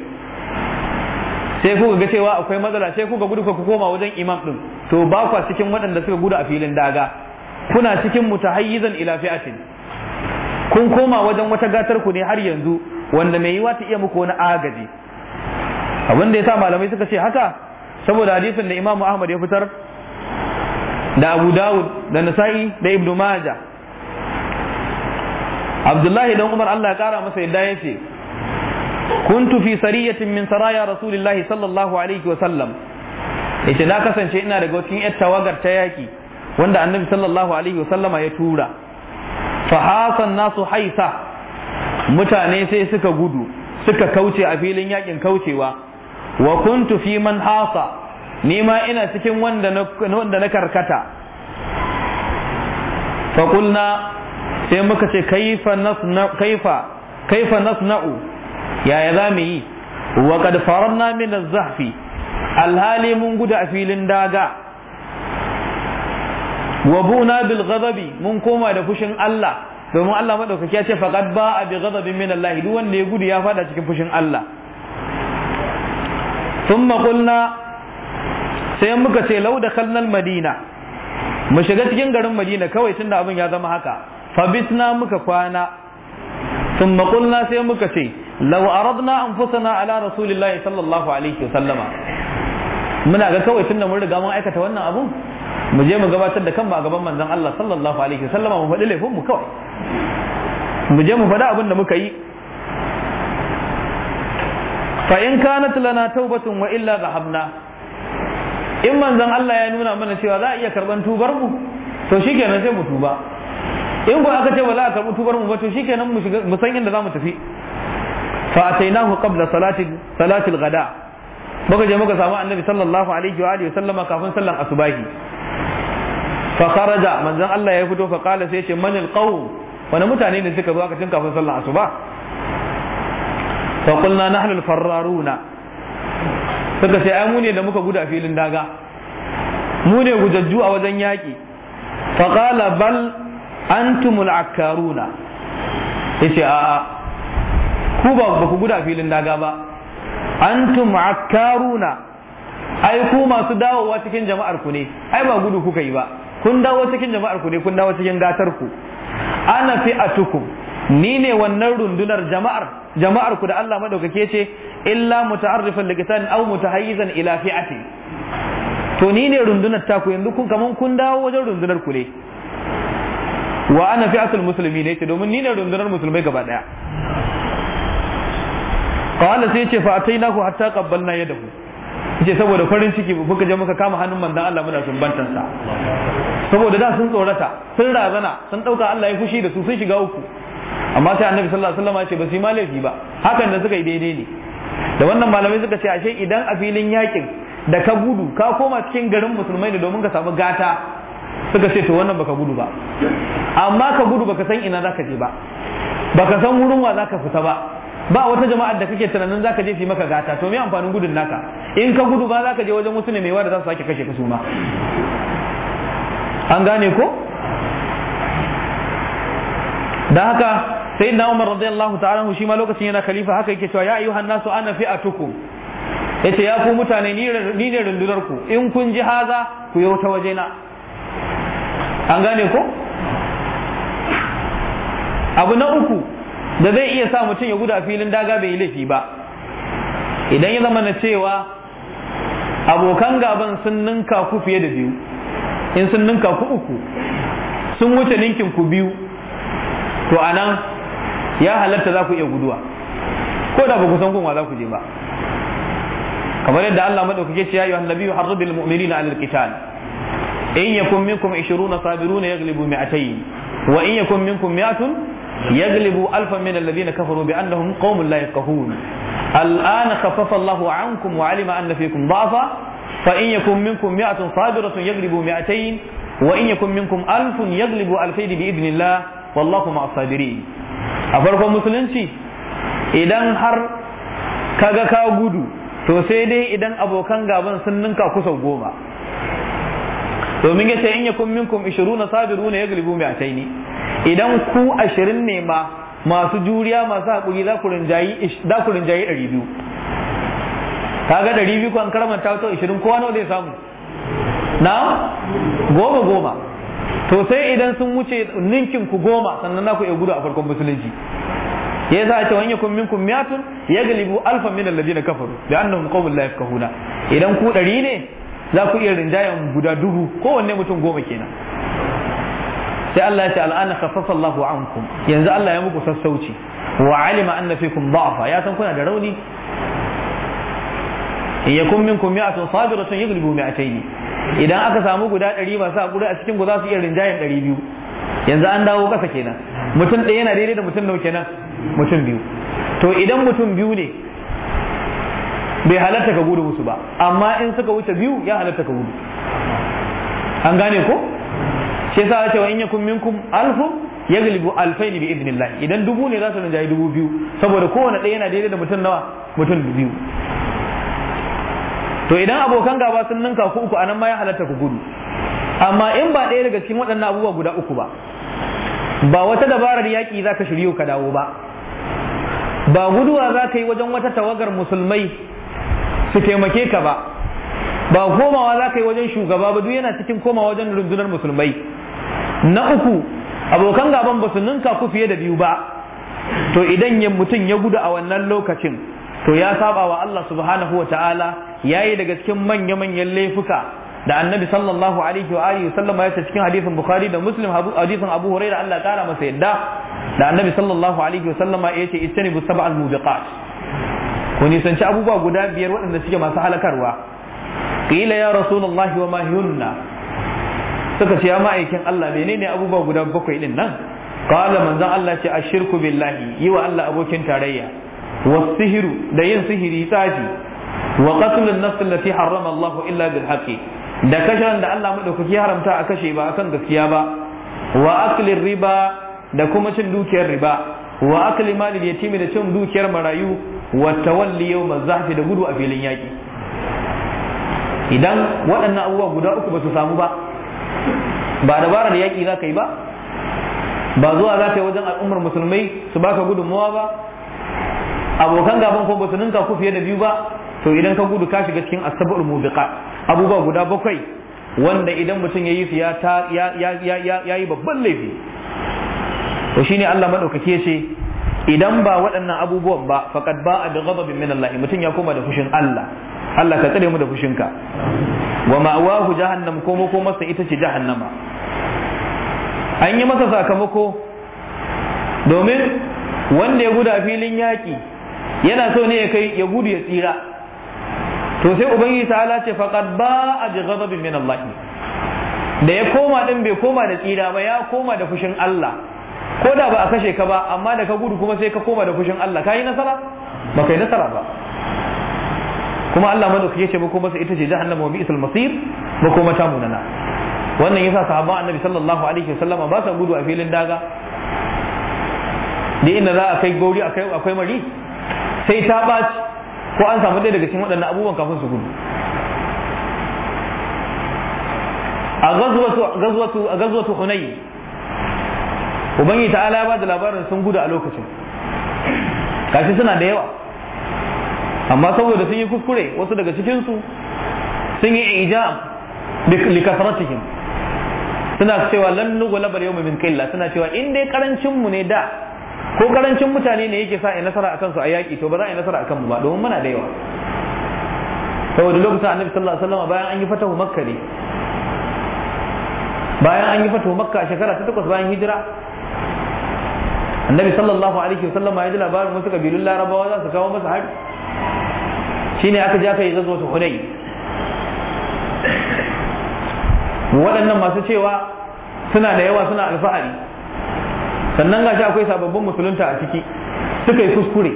sai kuka ga cewa akwai matsala sai kuka gudu ku koma wajen imam ɗin to ba cikin waɗanda suka gudu a filin daga kuna cikin mutahayyizan ila fi'atin kun koma wajen wata gatar ku ne har yanzu wanda mai yiwa ta iya muku wani agaji abin da yasa malamai suka ce haka saboda hadisin da imamu ahmad ya fitar da abu dawud da nasa'i da ibnu maja abdullahi don umar allah ya kara masa yadda ya ce kuntu fi sariyatin min saraya rasulillahi sallallahu alaihi wasallam ce na kasance ina daga cikin yar tawagar ta yaki wanda annabi sallallahu alaihi wasallama ya tura fa hasan nasu haisa mutane sai suka gudu suka kauce a filin yakin kaucewa wa kuntu fi man hasa ni ma ina cikin wanda na karkata fa sai muka ce kaifa nasna kaifa kaifa nasna'u yaya za mu yi wa qad faranna min az-zahfi alhali mun gudu a filin daga wa buna bil ghadabi mun koma da fushin Allah domin Allah madaukaki ya ce faqad ba'a bi ghadabin min Allah duk wanda ya gudu ya fada cikin fushin Allah ثم قلنا sai muka ce lau da kallon madina mu shiga cikin garin madina kawai tunda abin ya zama haka fabitna muka kwana sun makulna sai muka ce lau aradna fusana ala rasulillahi sallallahu alaihi wasallama muna ga kawai tunda mun riga mun aikata wannan abun mu je mu gabatar da kanmu a gaban manzon Allah sallallahu alaihi wasallama mu faɗi laifin mu kawai mu je mu faɗi abin da muka yi fa in kanat lana taubatun wa illa zahabna in manzan Allah ya nuna mana cewa za a iya karɓar tubar mu to shikenan sai mu tuba in ba aka ce ba za a karɓi tubar mu ba to shikenan mu mu san inda za mu tafi fa a qabla nahu salati al gada. muka je muka samu annabi sallallahu alaihi wa alihi sallama kafin sallan asubahi fa kharaja manzan Allah ya fito fa qala sai ce manil qawm wani mutane ne suka zo aka tun kafin sallan asuba fa na nahnu al-farraruna suka sai mu ne da muka gudu a filin daga mu ne gujajju a wajen yaƙi fa qala bal antumul akkaruna yace a'a ku ba ku gudu a filin daga ba antum akkaruna ai ku masu dawowa cikin jama'ar ku ne ai ba gudu kuka yi ba kun dawo cikin jama'ar ku ne kun dawo cikin gatar ku ana fi atukum ni ne wannan rundunar jama'ar jama'ar ku da Allah madaukake ce illa muta'arrifan liqitan aw mutahayyizan ila fi'ati to ni ne rundunar taku yanzu kun kaman kun dawo wajen rundunar ku ne wa ana fi'atul musulmi ne ce domin ni ne rundunar musulmai gaba daya qala sai ce fa atainahu hatta qabbalna yadahu ce saboda farin ciki muka je muka kama hannun manzon Allah muna sumbantar sa saboda da sun tsorata sun razana sun dauka Allah ya fushi da su sun shiga uku amma sai annabi sallallahu alaihi wasallam ya ce ba su yi laifi ba hakan da suka yi daidai ne da wannan malamai suka ce ashe idan a filin yakin da ka gudu ka koma cikin garin musulmai ne domin ka samu gata suka ce to wannan baka gudu ba amma ka gudu baka san ina zaka je ba baka san wurin wa zaka fita ba ba wata jama'ar da kake tunanin zaka je su maka gata to me amfanin gudun naka in ka gudu ba zaka je wajen wasu ne mai wada za su sake kashe ka suma an gane ko da haka sai na umar radiyallahu ta'ala shi ma lokacin yana khalifa haka yake cewa ya yi hannu su ana a yace ya ku mutane ni ne rundunar ku in kun ji haza ku yau ta na an gane ku. abu na uku da zai iya sa mutum ya guda filin daga bai yi laifi ba idan ya zama na cewa abokan gaban sun ninka ku fiye da biyu in sun ninka ku uku sun wuce ninkin ku biyu to anan ya halatta za ku iya guduwa ko da ba ku san gunwa za ku je ba kamar yadda Allah madaukake ce ya ayyuhan nabiyyu harridil mu'minina 'alal qital in yakum minkum 20 sabiruna yaghlibu mi'atayn wa in yakum minkum mi'atun yaghlibu alfan min alladhina kafaru bi annahum qaumun la yafqahun الآن خفف الله عنكم وعلم أن فيكم ضعفا فإن يكن منكم مئة صابرة يغلب مئتين وإن يكن منكم ألف يغلب ألفين بإذن الله والله مع الصابرين a farkon musulunci idan har kaga ka gudu to sai dai idan abokan gaban sun ninka kusa goma domin ya ce in yakun minkum 20 mai yaglibu mi'ataini idan ku 20 ne ma masu juriya masu hakuri za ku rinjayi za ku rinjayi 200 kaga 200 biyu an karanta to 20 kowa nawa zai samu na goma goma to sai idan sun wuce ninkin ku goma sannan na ku iya gudu a farkon musulunci ya yasa ta wanya kun minkum miyatun ya galibu alfa min alladhina kafaru bi annahum qawmun la yafqahuna idan ku ɗari ne za ku iya rinjayen guda dubu kowanne mutum goma kenan sai Allah ya ce al'ana khaffafa Allahu ankum yanzu Allah ya muku sassauci wa alima anna fikum da'fa ya san kuna da rauni in yakun minkum mi'atun sabiratun yaghlibu mi'atayn idan aka samu guda ɗari masu haƙuri a cikin ku za su iya rinjayen ɗari biyu yanzu an dawo ƙasa kenan mutum ɗaya yana daidai da mutum nau kenan mutum biyu to idan mutum biyu ne bai halatta ka gudu musu ba amma in suka wuce biyu ya halatta ka gudu an gane ko shi yasa ce wa in yakun minkum alfu yaglibu alfain bi idnillah idan dubu ne za su rinjayi dubu biyu saboda kowane ɗaya yana daidai da mutum nawa mutum biyu to idan abokan gaba sun ninka ku uku anan ma ya halatta ku gudu amma in ba ɗaya daga cikin waɗannan abubuwa guda uku ba ba wata dabarar yaƙi za ka shiryo ka dawo ba ba guduwa za ka yi wajen wata tawagar musulmai su taimake ka ba ba komawa za ka yi wajen shugaba ba duk yana cikin koma wajen rundunar musulmai na uku abokan gaban ba su ninka ku fiye da biyu ba to idan mutum ya gudu a wannan lokacin to ya saba wa Allah subhanahu wa ta'ala yayi daga cikin manya-manyan laifuka da annabi sallallahu alaihi wa alihi sallama ya ce cikin hadisin bukhari da muslim hadisin abu hurairah Allah ta'ala masa yadda da annabi sallallahu alaihi wa sallama ya ce bu sab'al mubiqat ku nisanci abubuwa guda biyar waɗanda suke masu halakarwa qila ya rasulullahi wa ma hunna suka ce ya ma'aikin Allah menene abubuwa guda bakwai din nan qala manzon Allah ce ashirku billahi yi wa Allah abokin tarayya wasu sihiru da yin sihiri tsafi wa qatl an-nafs illa bil da kashe da Allah madaukaki ya haramta a kashe ba akan gaskiya ba wa akli riba da kuma cin dukiyar riba wa akli malil yatimi da cin dukiyar marayu wa tawalli yawm da gudu a filin yaki idan waɗannan abubuwa guda uku ba su samu ba ba dabarar yaki za ka yi ba ba zuwa za ka yi wajen al'ummar musulmai su baka gudunmawa ba abokan gaban ko ba su ninka ku fiye da biyu ba to idan ka gudu ka shiga cikin asabul mubiqa abubuwa guda bakwai wanda idan mutum ya yi su ya ya yi babban laifi to shine Allah madaukake ce idan ba waɗannan abubuwan ba faqad ba'a raba ghadabin min Allah mutum ya koma da fushin Allah Allah ka tsare mu da fushinka wa ma'awahu jahannam ko mako masa ita ce jahannama an yi masa sakamako domin wanda ya guda filin yaƙi yana so ne ya kai ya gudu ya tsira to sai ubangiji ta'ala ce faqad ba'a bi ghadabin min Allah da ya koma din bai koma da tsira ba ya koma da fushin Allah ko da ba a kashe ka ba amma da ka gudu kuma sai ka koma da fushin Allah Ka yi nasara ba kai nasara ba kuma Allah madaukake kike ce ba masa ita ce jahannama wa bi'sal masir ba kuma ta munana wannan yasa sahabban annabi sallallahu alaihi wasallama ba sa gudu a filin daga da inda za a kai gauri akwai mari sai ta baci ko an samu ɗaya daga cikin waɗannan abubuwan kafin su gudu a gazuwatu a hunayi ubangi ta'ala ba da labarin sun gudu a lokacin kashi suna da yawa amma saboda sun yi kuskure wasu daga cikinsu sun yi i'ja li cikin suna cewa lannu nughlaba yau mai min suna cewa in dai karancin ne da ko karancin mutane ne yake sa a nasara akan su a yaƙi to ba za a yi nasara akan mu ba domin muna da yawa saboda lokacin annabi sallallahu alaihi wasallam bayan an yi fatahu makka ne bayan an yi fatahu makka shekara ta takwas bayan hijira annabi sallallahu alaihi wasallam ya ji labarin wasu kabilun larabawa za su kawo masa hari shine aka ja kai zazo ta hunai waɗannan masu cewa suna da yawa suna alfahari sannan gashi akwai sababbin musulunta a ciki suka yi kuskure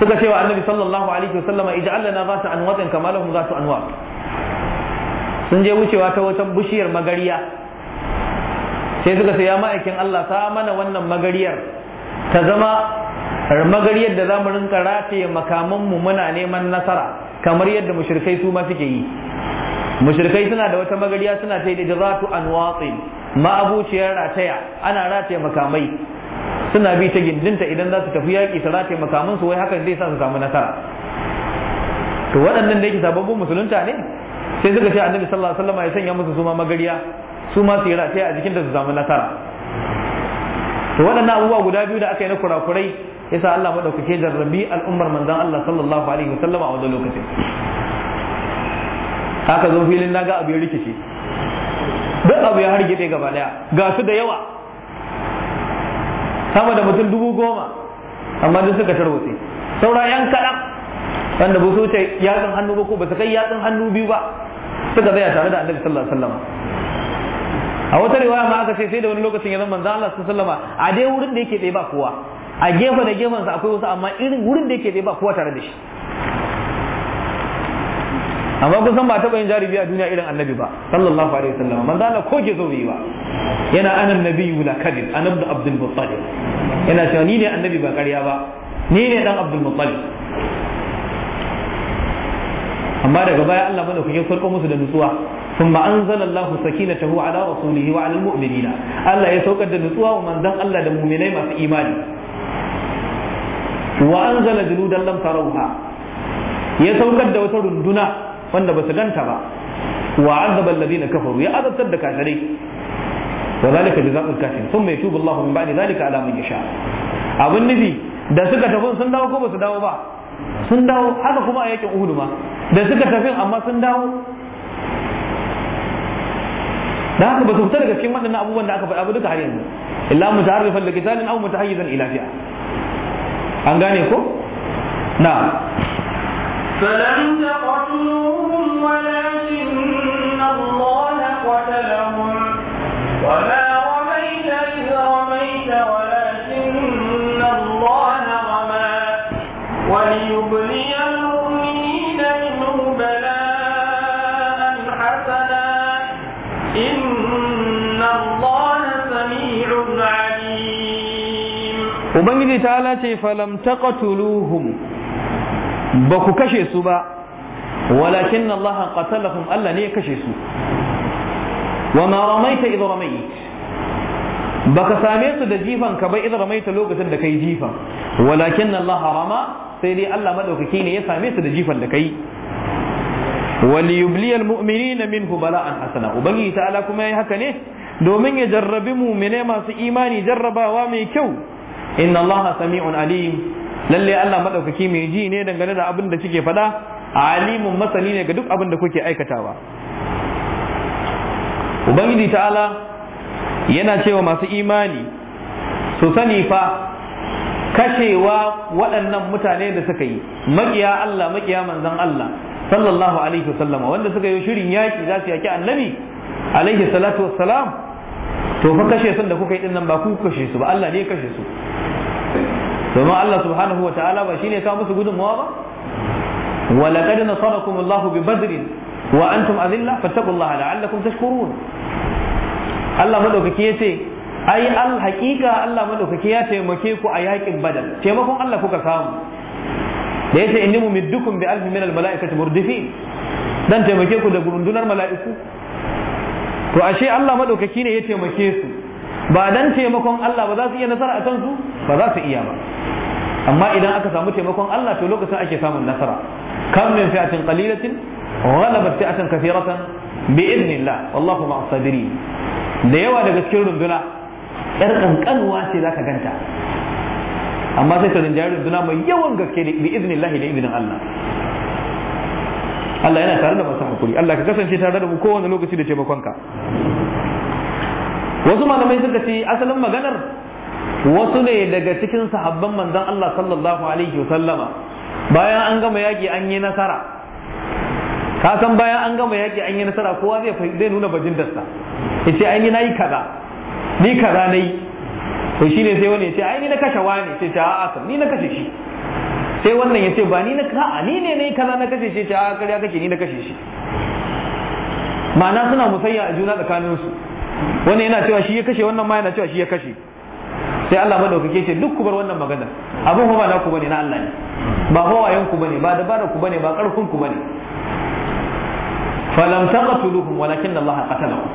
suka cewa annabi sallallahu alaihi wasallam ij'al lana zata anwatin kama za zatu anwa sun je wucewa ta wata bishiyar magariya sai suka ce ya ma'aikin Allah ta mana wannan magariyar ta zama magariyar da zamu rinka rataye makaman mu muna neman nasara kamar yadda mushrikai su ma suke yi mushrikai suna da wata magariya suna ta yi da zatu anwatin ma'abuciyar rataya ana rataya makamai suna bi ta gindinta idan za su tafi yaƙi su rataya makamansu wai hakan zai sa su samu nasara to waɗannan da yake sababbin musulunta ne sai suka ce annabi sallallahu alaihi wasallam ya sanya musu suma magariya su ma su yi rataya a jikin da su samu nasara to waɗannan abubuwa guda biyu da aka yi na kurakurai yasa Allah madaukake jarrabi al'ummar manzan Allah sallallahu alaihi wasallam a wannan lokacin haka zo filin naga abin rikici duk abu ya hargitse gaba daya ga su da yawa sama da mutum dubu goma amma duk suka tarwace saura yan kaɗan wanda ba su wuce yatsun hannu ba ko ba su kai yatsun hannu biyu ba suka tsaya tare da annabi sallallahu alaihi wasallam a wata riwaya ma aka ce sai da wani lokacin ya zama manzo Allah sallallahu alaihi wasallam a dai wurin da yake tsaye ba kowa a gefe da sa akwai wasu amma irin wurin da yake tsaye ba kowa tare da shi amma kusan san ba taɓa yin jarumi a duniya irin annabi ba sallallahu alaihi wasallam manzo Allah ko ke zo ba yana anan nabiyyu la kadib anabdu abdul muttalib yana cewa ni ne annabi ba ƙarya ba ni ne dan abdul muttalib amma daga baya Allah mana kuke farko musu da nutsuwa ثم أنزل الله سكينته على رسوله وعلى المؤمنين الله يسوق النتوى ومن ذن الله المؤمنين ما في dan وأنزل جنودا لم تروها يسوق الدوتر wanda ba su ganta ba wa azaba alladhina kafaru ya azabtar da kafirai wa zalika jazaa'ul kafirin thumma yatubu Allahu min ba'di zalika ala man yasha abin nufi da suka tafi sun dawo ko ba su dawo ba sun dawo haka kuma a yakin Uhud ma da suka tafi amma sun dawo da haka ba su fita daga cikin waɗannan abubuwan da aka faɗa ba duka har yanzu illa mutaharrifan da kitalin aw mutahayyizan ila fi'a an gane ko na فلم تقتلوه ولكن الله قتلهم وما رميت إذ رميت ولكن الله رمى وليبلي المؤمنين بلاء حسنا إن الله سميع عليم فلم تقتلوهم بكو سبا walakin Allah qatalahum Allah ne ya kashe su wa ma ramaita idh ramait baka same su da jifan ka ba idh ramaita lokacin da kai jifa walakin Allah rama sai dai Allah madaukaki ne ya same su da jifan da kai وليبلي المؤمنين منه بلاء kuma ya تعالى haka ne? domin ya jarrabi mumine masu imani jarrabawa mai kyau inna allaha sami'un alim Lallai Allah madaukaki mai ji ne dangane da abin da kike faɗa alimun masani ne ga duk abin da kuke aikatawa ubangiji ta'ala yana cewa masu imani su sani fa kashewa waɗannan mutane da suka yi makiya Allah makiya manzan Allah sallallahu alaihi wasallama wanda suka yi shirin yaki za su yaki annabi alaihi salatu wassalam to fa kashe sun da kuka yi din ba ku kashe su ba Allah ne ya kashe su domin Allah subhanahu wa ta'ala ba shine ya kawo musu gudunmawa ba ولقد نصركم الله ببدر وأنتم أذلة فاتقوا الله لعلكم تشكرون الله مدوكك يتي أي الحقيقة الله مدوكك يتي مكيكو أيهاك بدل تيمكم الله كوكا سامو ليس إني ممدكم بألف من الملائكة مردفين dan taimake ku da gurundunar mala'iku to ashe Allah madaukaki ne ya taimake su ba dan taimakon Allah ba za su iya nasara a kansu ba za su iya ba amma idan aka samu taimakon Allah to lokacin ake samun nasara kam min fi'atin qalilatin ghalabat fi'atan kathiratan bi'iznillah wallahu ma'as sabirin da yawa daga cikin runduna yar kankanuwa ce ka ganta amma sai ka rinjaye runduna mai yawan gaske bi iznillahi da iznin Allah Allah yana tare da masu hakuri Allah ka kasance tare da mu kowane lokaci da taimakonka wasu malamai suka ce asalin maganar wasu ne daga cikin sahabban manzon Allah sallallahu alaihi wa sallama bayan an gama yaƙi an yi nasara ka san bayan an gama yaƙi an yi nasara kowa zai nuna nuna bajindarsa ya ce an yi nayi kaza ni kaza nayi to shi ne sai wani ya ce ai ni na kashe ne sai a a'a ni na kashe shi sai wannan ya ce ba ni na ka'a ni ne yi kaza na kashe shi ce a kariya kashe ni na kashe shi ma'ana suna musayya a juna tsakaninsu wannan yana cewa shi ya kashe wannan ma yana cewa shi ya kashe sai Allah madaukake ce duk ku bar wannan magana abin kuma ba na ku bane na Allah ne ba hawayen ku bane ba dabara ku bane ba karfin ku bane falam taqtuluhum walakin Allah qatalahum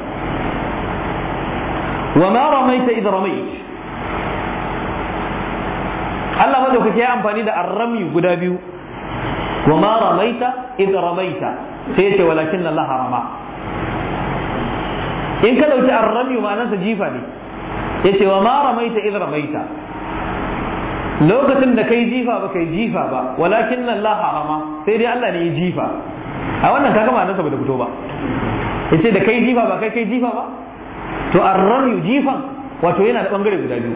wa ma ramaita idh ramait Allah madaukaki yi amfani da arrami guda biyu wa ma ramaita idh ramaita sai ce walakin Allah rama in ka dauki arrami ma'anarsa jifa ne yace wa ma ramaita idh ramaita lokacin da kai jifa ba kai jifa ba walakin nan la harama sai dai Allah ne ya jifa a wannan kaga ma nasa bata fito ba yace da kai jifa ba kai kai jifa ba to arramu jifan wato yana da bangare guda biyu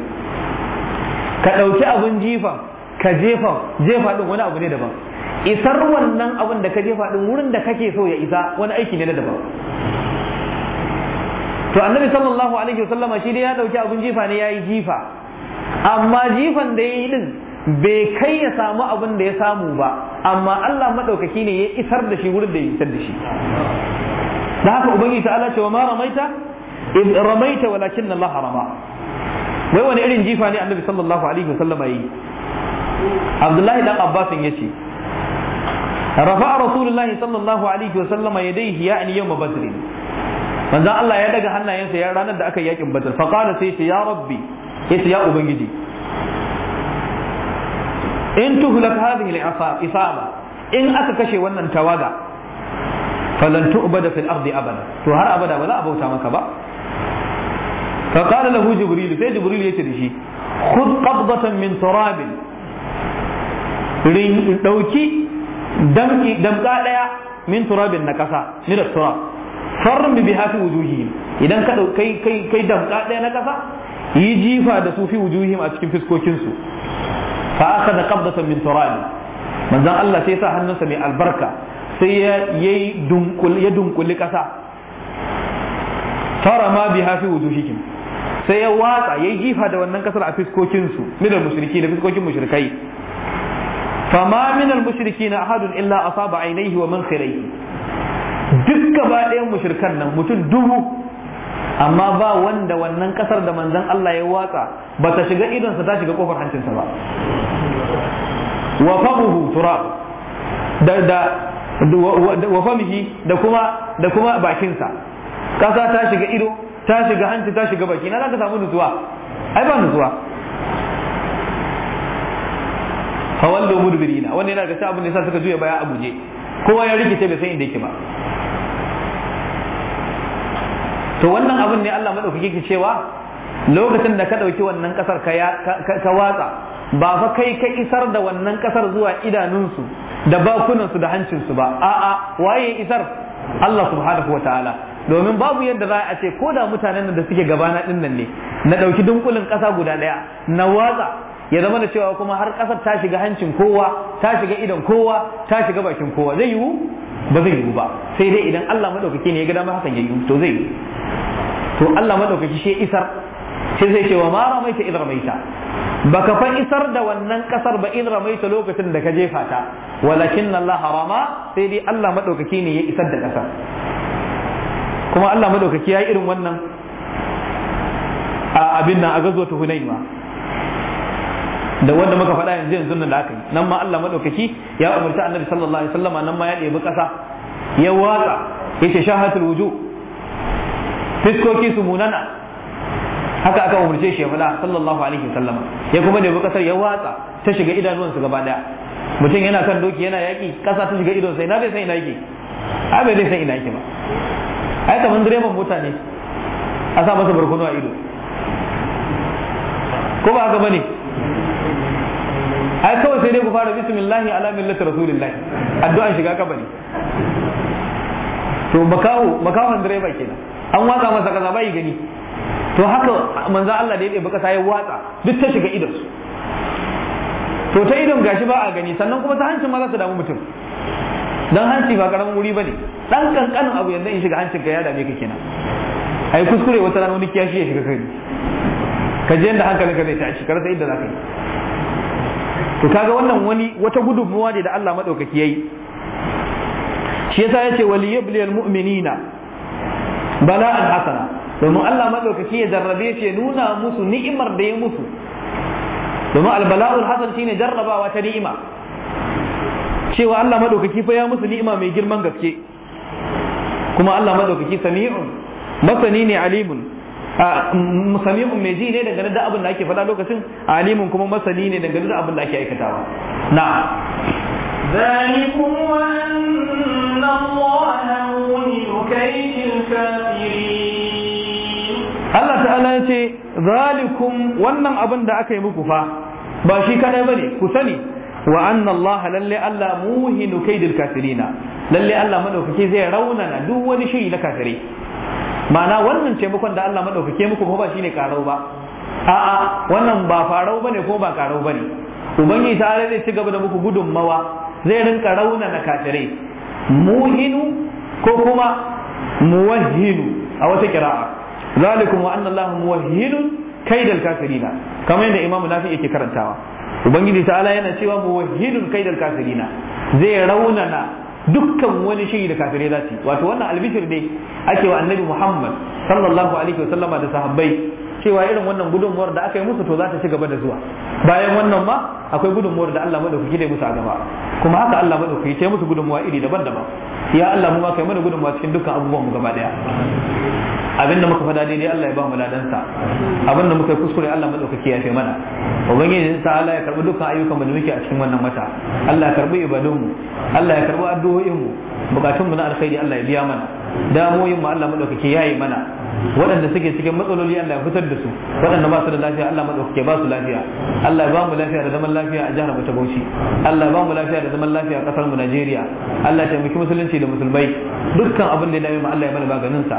ka dauki abun jifa ka jefa jefa din wani abu ne daban isar wannan abun da ka jefa din wurin da kake so ya isa wani aiki ne na daban to annabi sallallahu alaihi wasallama shi dai ya dauki abun jifa ne yayi jifa amma jifan da ya yi din bai kai ya samu abin da ya samu ba amma Allah maɗaukaki ne ya isar da shi wurin da ya isar da shi da haka ubangiji ta'ala cewa ma ramaita in ramaita walakin na Allah harama wai wani irin jifa ne annabi sallallahu alaihi wasallama yi Abdullahi dan Abbas ya ce rafa'a rasulullahi sallallahu alaihi wasallama yadayhi ya'ni yawm badr manzon Allah ya daga hannayensa ya ranar da aka yakin badr fa qala sai ya rabbi yace ya ubangiji in tuhlak hadhihi al-isaba in aka kashe wannan tawaga falan tu'bada fil ardi abada to har abada ba za a bauta maka ba fa qala lahu jibril sai jibril yace da shi khud qabdatan min turab rin dauki damki damka daya min turabin na kasa ni da turab farmi bi hafi wujuhi idan ka kai kai kai damka daya na kasa yi jifa da su fi wujuhim a cikin fiskokinsu fa aka da qabdatan min turabi manzon Allah sai ya sa hannunsa mai albarka sai ya dunkuli kasa tara ma biha fi wujuhikum sai ya watsa ya jifa da wannan kasar a fiskokinsu min al-mushriki da fiskokin mushrikai fama min al-mushrikina ahadun illa asaba ainihi wa man khirayhi duk gaba ɗayan mushrikan nan mutum dubu amma ba wanda wannan kasar da manzan Allah ya watsa ba ta shiga idonsa ta shiga kofar hancinsa ba wa famuhu turab da da wa da kuma da kuma bakinsa kasa ta shiga ido ta shiga hanci ta shiga baki na za ka samu nutsuwa ai ba nutsuwa fawallo mudbirina wannan yana ga abin da yasa suka juya baya a guje kowa ya rikice bai san inda yake ba to wannan abin ne Allah madaukaki ke cewa lokacin da ka ɗauki wannan ƙasar ka watsa ba fa kai ka isar da wannan ƙasar zuwa idanunsu da bakunansu da hancinsu ba a'a waye isar Allah subhanahu wataala domin babu yadda za a ce ko da mutanen da suke gabana ɗin nan ne na ɗauki dunkulin ƙasa guda ɗaya na watsa ya zama da cewa kuma har ƙasar ta shiga hancin kowa ta shiga idan kowa ta shiga bakin kowa zai yiwu ba zai yiwu ba sai dai idan Allah madaukaki ne ya ga ma hakan ya yiwu to zai yiwu to Allah madaukaki shi isar sai zai ce wa ma ramaita idan ramaita baka fa isar da wannan kasar ba in ramaita lokacin da ka jefa ta walakin Allah harama sai dai Allah madaukaki ne ya isar da kasar kuma Allah madaukaki ya yi irin wannan a abin nan a gazo ta Hunaima da wanda muka faɗa yanzu yanzu nan da aka yi nan ma Allah madaukaki ya umarta annabi sallallahu alaihi wasallama nan ma ya ɗebi ƙasa ya watsa yace shahatul wuju fiskoki su munana haka aka umarce shi ya faɗa sallallahu alaihi wasallama ya kuma ɗebi ƙasar ya watsa ta shiga idanuwansu gaba ɗaya mutum yana kan doki yana yaƙi ƙasa ta shiga idonsa ina zai san ina yake a bai zai san ina yake ba ai kamar direban mota ne a sa masa barkono a ido ko ba haka bane ai kawai sai dai ku fara bismillahi ala millati rasulillahi addu'an shiga ka bari to makaho makahon direba kenan an watsa masa kaza bai gani to haka manzo Allah da ya dai baka sai watsa duk ta shiga idan su to ta idon gashi ba a gani sannan kuma ta hancin ma za ta damu mutum dan hanci ba karamin wuri bane dan kankanin abu yanzu in shiga hancin ka ya dame ka kenan ai kuskure wata rana wani kiyashi ya shiga kai ka je inda hankalinka ka zai tashi ka rasa inda za ka yi to kaga wannan wani wata gudunmuwa ne da Allah maɗaukaki madaukaki yayi shi yasa yace wali yabliyal mu'minina bala'an hasana domin Allah maɗaukaki ya jarrabe shi nuna musu ni'imar da ya musu domin albala'ul hasan shine jarrabawa ta ni'ima cewa Allah maɗaukaki fa ya musu ni'ima mai girman gaske kuma Allah maɗaukaki sami'un masani ne alimun musami'un mm, mai ji ne dangane da ake faɗa lokacin alimin kuma masani ne dangane da abin da ake aikatawa na ذلكم أن الله موهن كيد الكافرين الله تعالى wannan abin da aka yi muku fa ba shi kadai bane ku sani wa anna Allah lalle Allah muhinu kaidil kafirina Allah madaukaki zai raunana duk wani shiri na kafirai ma'ana wannan taimakon da Allah madaukake muku ko ba shine karau ba a'a wannan ba farau bane ko ba karau bane ubangiji ta zai ci gaba da muku gudunmawa zai rinka rauna na kafirai muhinu ko kuma muwahhinu a wata kira'a zalikum wa anna Allah muwahhinun kaidal kafirina kamar yadda imamu nafi yake karantawa ubangiji ta'ala yana cewa muwahhinun kaidal kafirina zai na dukkan wani shiri da kafirai za su wato wannan albishir ne ake wa annabi Muhammad sallallahu alaihi wasallama da sahabbai cewa irin wannan gudunmuwar da aka yi musu to za ta ci gaba da zuwa bayan wannan ma akwai gudunmuwar da Allah madaukaki ne musu a gaba kuma haka Allah madaukaki ce musu gudunmuwa iri daban-daban ya Allah mu ma kai mana gudunmuwa cikin dukkan abubuwan mu gaba ɗaya. abinda muka fada daidai Allah ya ba mu ladansa abinda muka kuskure Allah madaukaki ya fi mana ubangiji ta Allah ya karbi dukkan ayyukan mu da muke a cikin wannan wata Allah ya karbi ibadun mu Allah ya karbi addu'o'in mu bukatun mu na alkhairi Allah ya biya mana damoyin mu Allah madaukaki ya yi mana waɗanda suke cikin matsaloli Allah ya fitar da su waɗanda ba su da lafiya Allah madaukake ba su lafiya Allah ya ba mu lafiya da zaman lafiya a jihar ta Bauchi Allah ya ba mu lafiya da zaman lafiya a kasar mu Najeriya Allah ya taimaki musulunci da musulmai dukkan abin da ya dame mu Allah ya mana maganin sa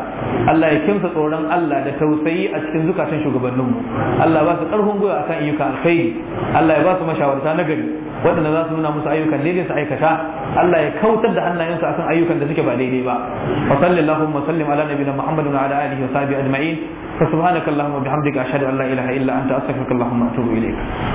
Allah ya kimsa tsoron Allah da tausayi a cikin zukatan shugabannin mu Allah ba su karfin gwiwa akan ayyuka alkhairi Allah ya ba su mashawarta na gari waɗanda za su nuna musu ayyukan daidai su aikata Allah ya kautar da hannayensu akan ayyukan da suke ba daidai ba wa sallallahu wa sallim ala nabiyina Muhammadin wa ala alihi آله وصحبه أجمعين فسبحانك اللهم وبحمدك أشهد أن لا إله إلا أنت أستغفرك اللهم وأتوب إليك